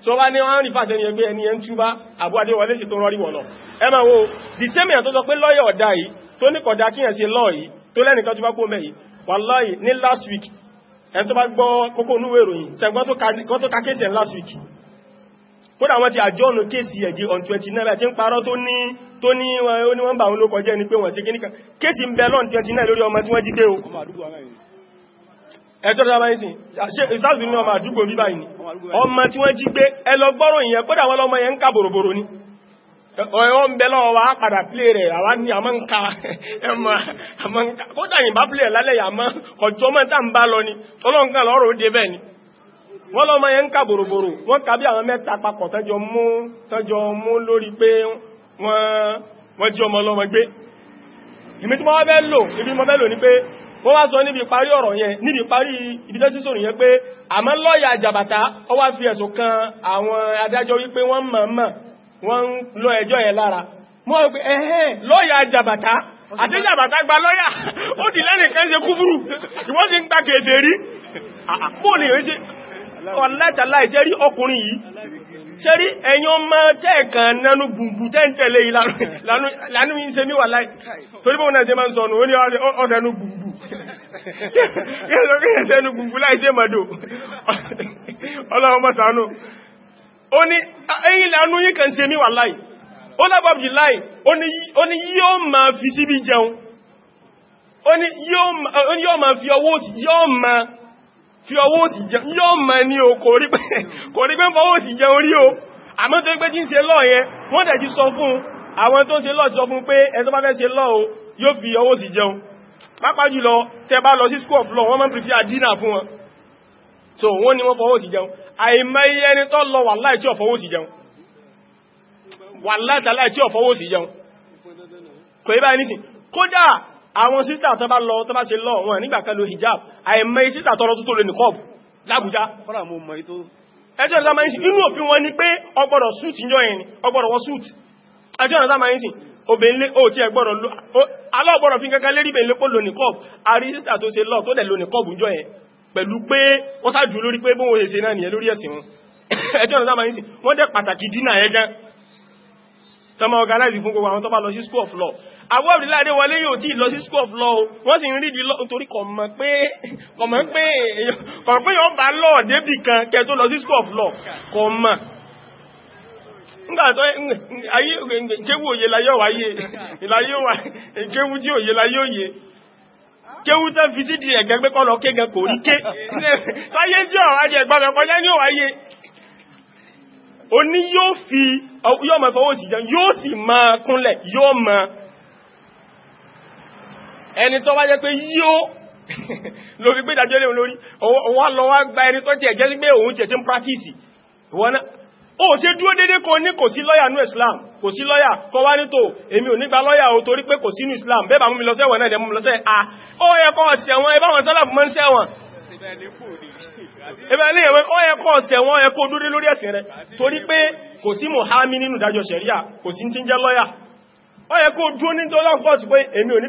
so wá ní wọ́n rí fàṣẹ ní ẹgbẹ́ ẹni ẹn túbá àbúwádé wọlé sí tó rọrí wọ̀nà ẹmà wo the same èyàn tó sọ pé lọ́yọ̀ ọ̀dá yìí tó ní kọ̀dá kíyàn sí lọ́ yìí tó lẹ́nìkan túbá kó mẹ́ yìí wàláhì ní last week ẹn tó bá gbọ́ kókó onúwé ìròyìn sẹ́gbọ́n tó ka kéèsì ẹ̀ last week kódà wọ́n ti àjọ́nù kéèsì ẹ̀jì on 29 tí ń parọ́ tó ní tó ní wọ́n bá wọn ló kọjẹ́ ni pé wọ́n sí kíníkan kéèsì ń bẹ lọ́n 29 lórí ọmọ tí wọ́n jí dé o ẹjọ́ tó dábáyé sí ìsáàsì ní ọmọ àdúgbò bíbá ìní ọmọ tí wọ́n jí gbé ẹlọgbọ́rọ̀ ìyẹn pẹ́dà wọ́n lọ́mọ yẹn ń ká bòròbòrò ní ọ̀yọ́ ń bẹ wa padà plé rẹ̀ àwa ní àmọ́ǹkà ẹmọ àmọ́ǹkà kódà yìnbá plé ẹ̀ lálẹ́ yàmọ́ ọjọ́ mọ́ ń ni tọ́lọ́ǹkà lọ́rọ̀ òde bẹ́ẹ̀ ni wọ́n lọ́mọ yẹn ń ká bòròbòrò wọ́n kà bí àwọn mẹ́ta ibi mọ́ bẹ́ wọ́n wá sọ níbi parí ọ̀rọ̀ yẹn níbi parí ibidẹ́sí sọ̀rọ̀ yẹn pé àmọ́ lọ́ọ̀yà àjàbàtà ó wá fi ẹ̀sùn kan àwọn adájọ́ wípé wọ́n mọ̀ọ́mọ̀ wọ́n ń lọ ẹjọ́ yẹn lára mọ́ wípé ẹ̀hẹ́ lọ́ọ̀yà àjàbàtà àti àjàbàtà gba lọ́ọ̀yà ó ti lẹ́nìkan ṣe kúbúrú ìwọ́n sì ń ta kèdè rí bóòlù yẹn ṣe ọ̀lẹ́tàláìṣẹ́ rí ọkùnrin yìí ṣẹ́rí ẹ̀yàn ọmọ tẹ́ẹ̀kan nánú gbùngbù tẹ́ntẹ̀lé ìlànú ìṣẹ́ níwà láì torí bọ́n náà jẹ́ máa ń sọ̀nù ó ní ọ̀dẹ̀nú gbùngbù ẹ̀ṣẹ́nu gbùngbù láì jẹ́ mọ̀dọ̀ ọlọ́ọmọ sànú ó ní ẹ̀yìn ìlànú yí kan ṣe níwà láì ó lábàbì láì ó ní yíó máa fi síbí jẹun ó ní yíó máa fi ọwọ́ yíó máa fi ọwọ́ òsì jẹun yóò mọ̀ ní o kò rí pé fọwọ́ òsì jẹun orí o àmọ́ tó ń pé tí ń ṣe lọ́ yẹn wọ́n dẹ̀ ti sọ fún àwọn tó ń ṣe lọ́ sọ fún pé ẹ̀tọ́ bá fẹ́ ṣe lọ́ o yóò fi ọwọ́ òsì jẹun pápá jùlọ tẹ bá lọ sí school of law wọ́n máa ń pè fi àdínà fún so wọ́n ni wọ́n fọwọ́ òsì jẹun àìmọye ẹni tó lọ wàláì tí ò fọwọ́ òsì jẹun wàláì tàláì tí ò fọwọ́ òsì jẹun kò ibá ẹni àwọn sísà tó bá lọ tó bá ṣe lọ wọn nígbà kan lo hijab àìmẹ́ sísà tọ́lọ tó tó lè nìkọ́b lábújá fọ́nà mọ́ mọ́ ètò ẹjọ́ ìdámá yìí inú òfin wọn ni pé ọgbọ́dọ̀ suit yọ ẹni ọgbọ́dọ̀ wọ suit ẹjọ́ ìdámá yìí sí obìnrin ó ti ẹgbọ́dọ̀ lo aláọ̀gbọ́dọ̀ fi kankan lérí bẹ̀rẹ̀ lépò lo nìkọ́b àrí sísà tó ṣe lọ tó dẹ̀ lo nìkọ́b jọ ẹ̀ pẹ̀lú pé wọ́n sájú lórí pé bóhun èsè náà nìyẹn lórí ẹ̀sìn wọn ẹjọ́ ìdámá yìí sí wọ́n dẹ̀ pàtàkì dínà ẹ̀gán tọmọ organize fún gbogbo àwọn tó bá lọ sí school of law àwọ́rìláde wọlé yóò tí lọ sí school of law wọ́n sì ń rí di law torí kọ̀mọ̀ pé kọ̀mọ̀ pé yọ bá law débì kan kẹ tó lọ sí school of law kọ̀mọ̀ nígbàtọ́ ayé kéwú òye láyé wáyé ìláyé wà kéwú tí òye láyé òye kéwú tán fi títí ẹ̀gẹ́ pé kọ́lọ kégan kò rí ké sáyé tí ọ̀rọ̀ ajẹ́ ìgbàmẹ̀ kọjá ní òwáyé o ní yóò fi yóò mọ̀ fọwọ́ sí jẹun yóò sì máa kúnlẹ̀ yóò máa ẹni tó bá jẹ́ pé yíó lórí pé ìdájọ́ léun lórí wọ́n lọ wá gba ẹni tó tiẹ̀ jẹ́ sí pé òun tiẹ̀ ti ń practice wọ́n náà ó ṣe dúró dédé kó ní kò sí lọ́yà nú Islam kò sí lọ́yà kọ wá nítò èmi ò nígbà lọ́yà ò torí pé kò sínú Islam bẹ́ẹ̀ bá mú mi lọ sẹ́wọ̀n náà dẹ̀ mú mi lọ sẹ́ à ó yẹ kọ́ ọ̀sẹ̀wọ̀n ẹbá wọn sálàfù mọ́ ń sẹ́wọ̀n ẹbẹ̀lẹ́yẹ̀wẹ́ ó yẹ kọ́ ọ̀sẹ̀wọ̀n ó yẹ kó dúró lórí ẹ̀sìn rẹ̀ torí pé kò sí Muhammad nínú ìdájọ́ ṣẹ̀ríà kò sí ti ń jẹ́ lọ́yà ó yẹ kó dúró ní dọ́là kọ́ọ̀tù pé èmi ò ní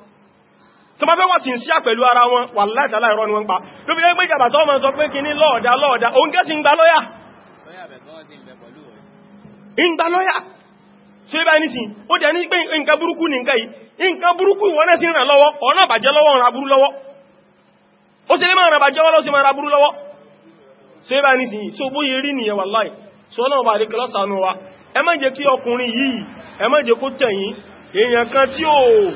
tó bá fẹ́ wà tí ara wọn wà látàlá ìrọ́ ni wọ́n pa tó fi ẹgbẹ́ ìjàbà tó sọ pé kí ní lọ́ọ̀dá lọ́ọ̀dá òun gẹ́ sí ń lọ́yà ń gba lọ́yà ṣe bá ní sí ó jẹ́ ní pé nǹkan burúkú ní nǹkan yìí nǹkan burúkú wọ́n náà sí ràn lọ́wọ́ ọ̀nà bàjẹ́ lọ́wọ́ lọ́wọ́ ó máa so bó yẹ rí nìyẹn wa ẹ má jẹ́ kí ọkùnrin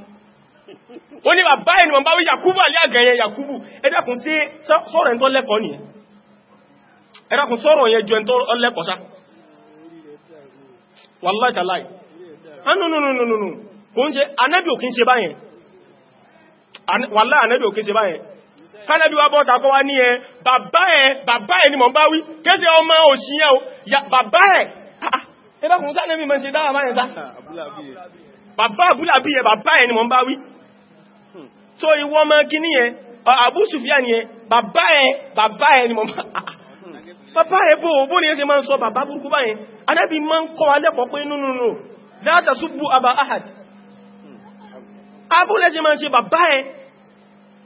ó ní bàbá ẹni wọ́n bá wí yakubu alẹ́ àgẹ̀yẹ yakubu ẹ̀dàkùn sí sọ́rọ̀ ẹ̀ntọ́ lẹ́kọ̀ọ́ ni ẹ̀dàkùn sọ́rọ̀ yẹn ju ẹ̀ntọ́ lẹ́kọ̀ọ́ sá wallahi tallahi anúnúnúnúnú ah, kò ń ṣe anẹ́bì ò kí ń ṣe báyẹn wallahi anẹ́bì ò kí ń ṣe báyẹn kánẹ́bì wá bọ́ta kọ́ wá ní ẹ bàbá ẹ bàbá ẹ ni mọ̀ bá wí kéṣe ọmọ òṣìyẹ bàbá ẹ ẹ̀dàkùn sánẹ́bì mọ́ ṣe dáwà báyẹn sá bàbá àbúlàbí ẹ bàbá ẹ ni mọ̀ bá wí so ìwọ ọmọ kíní yẹn Abu Sufyan yẹn Baba ẹ bàbá ẹ ni mọ̀mọ́ bàbá ẹ bó bó ní ẹsẹ máa ń sọ bàbá burúkú báyẹn anábì máa ń kọ́ alẹ́kọ̀ọ́ pé nínú nù la tasubbu aba ahad abúlé ṣe máa ń ṣe bàbá ẹ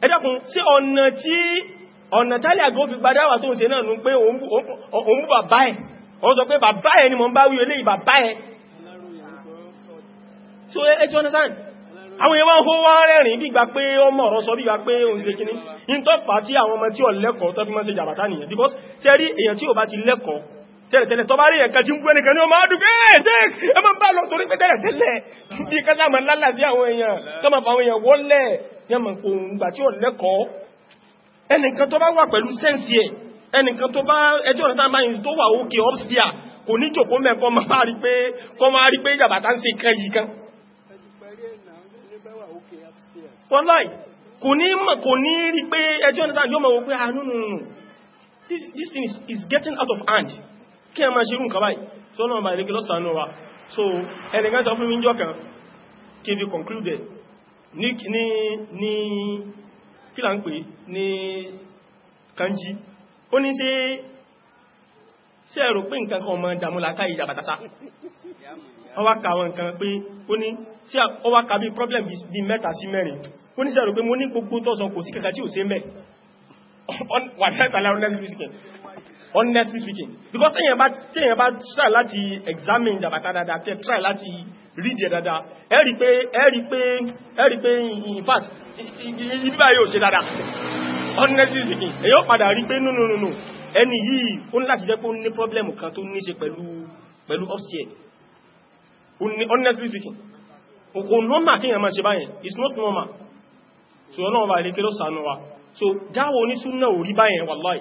ẹ dákun sí ọ̀nà tí ọ̀nà tálí àgbà fi gbadáwà tó ń ṣe náà nù pé òun bú Baba ẹ wọ́n sọ pé bàbá ẹ ni mọ̀ ń bá wí eléyìí bàbá so ẹ ti understand àwọn èèyàn wọ́n wá rẹ̀rìn bí gbà pé ọmọ ọ̀rọ̀ sọ bí gbà pé òun ṣe kíní in tó pà tí àwọn ọmọ tí ó lẹ́kọ̀ọ́ tó fi mọ́ ṣe jàbátá nìyàn because ṣe rí èèyàn tí ó bá ti lẹ́kọ̀ọ́ tẹ́lẹ̀tẹ́lẹ̀ tó bá rí ẹ̀kà jí ń gbẹ́nìkan ní ọmọ adùgbé ṣe ẹ ma bá lọ torí pé tẹ́lẹ̀tẹ́lẹ̀ bí kẹta ma lálà sí àwọn èèyàn tó ma fàwọn èèyàn wọ́lẹ̀ yẹn ma wọ́nláì kò ní rí pé ẹjọ́ understand yóò mọ̀ pé ah this, thing is, is getting out of hand kí a máa ṣe rún kàbáyì tí ó náà bá ìrẹ́gẹ́ lọ́sànú wa so fún kí concluded ní kí là ń pè ní kanji ó ní sí ẹ̀rọ pé nǹkan kan dàmúlà káyìí wọ́n wá ka àwọn nǹkan pé ó ní sí ọ ka bí problem bí mẹ́ta sí mẹ́rin ó ní sẹ́rọ pé mo ní gbogbo tó sọ kò sí kankan tí ò sí mẹ́ honestly speaking because èyàn bá tẹ́yàn bá try láti examine jàbàtà dáadáa tẹ́ try láti read yẹ dáadáa ẹ rí pé ẹ rí pé ẹ rí pé in fact ibíbá yóò ṣe dáadáa honestly speaking èyàn padà rí pé no no no no ẹni yìí ó ní láti jẹ́ pé ó ní problem kan tó ní ṣe pẹ̀lú pẹ̀lú upstairs honestly speaking kò normal kíyàn máa ṣe báyẹn it's not normal so ọlọ́run bá ilékẹ́ ló sànú wa so dáwọ onísúnnà orí báyẹn wàláì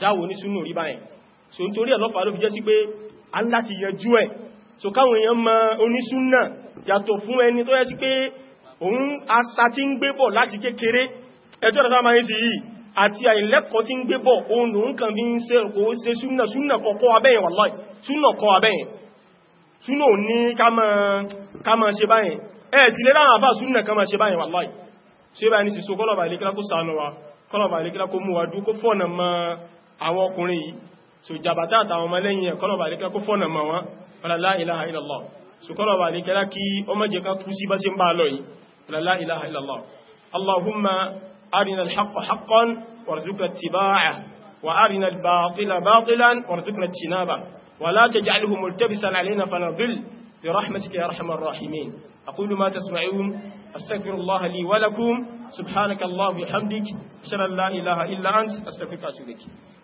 dáwọ onísúnnà orí báyẹn so nítorí ọlọ́pàá ló fi jẹ́ sí pé a ń láti yẹjú ẹ̀ so káwọn èèyàn mọ̀ onísúnnà yàtọ̀ fún ẹni tó yẹ sí pé òun asa tí ń gbé bọ̀ láti kékeré ẹjọ́ rẹ̀ sáà sí yìí àti àìlẹ́kọ̀ọ́ tí ń gbé bọ̀ òun lòun kàn bí ń ṣe súnnà súnnà kọ̀ọ̀kọ́ abẹ́yẹn wàláì súnnà kọ̀ abẹ́yẹn súnà ní ká máa ṣe báyìí ẹ̀ sì lé láwọn àbá súnà ká máa ṣe báyìí wàláì ṣe báyìí sí so kọ́lọ̀bà ilékílá kó sànà wa kọ́lọ̀bà ilékílá kó mú wa dú kó fọ́nà mọ́ àwọn ọkùnrin yìí so jàbátá àtàwọn ọmọlẹ́yìn ẹ̀ ilékílá kó fọ́nà mọ́ wọn ولا تجعله ملتبسا علينا فنضل برحمتك يا ارحم الراحمين اقول ما تسمعون استغفر الله لي ولكم سبحانك الله وبحمدك اشهد ان لا اله الا انت استغفرك واتوب اليك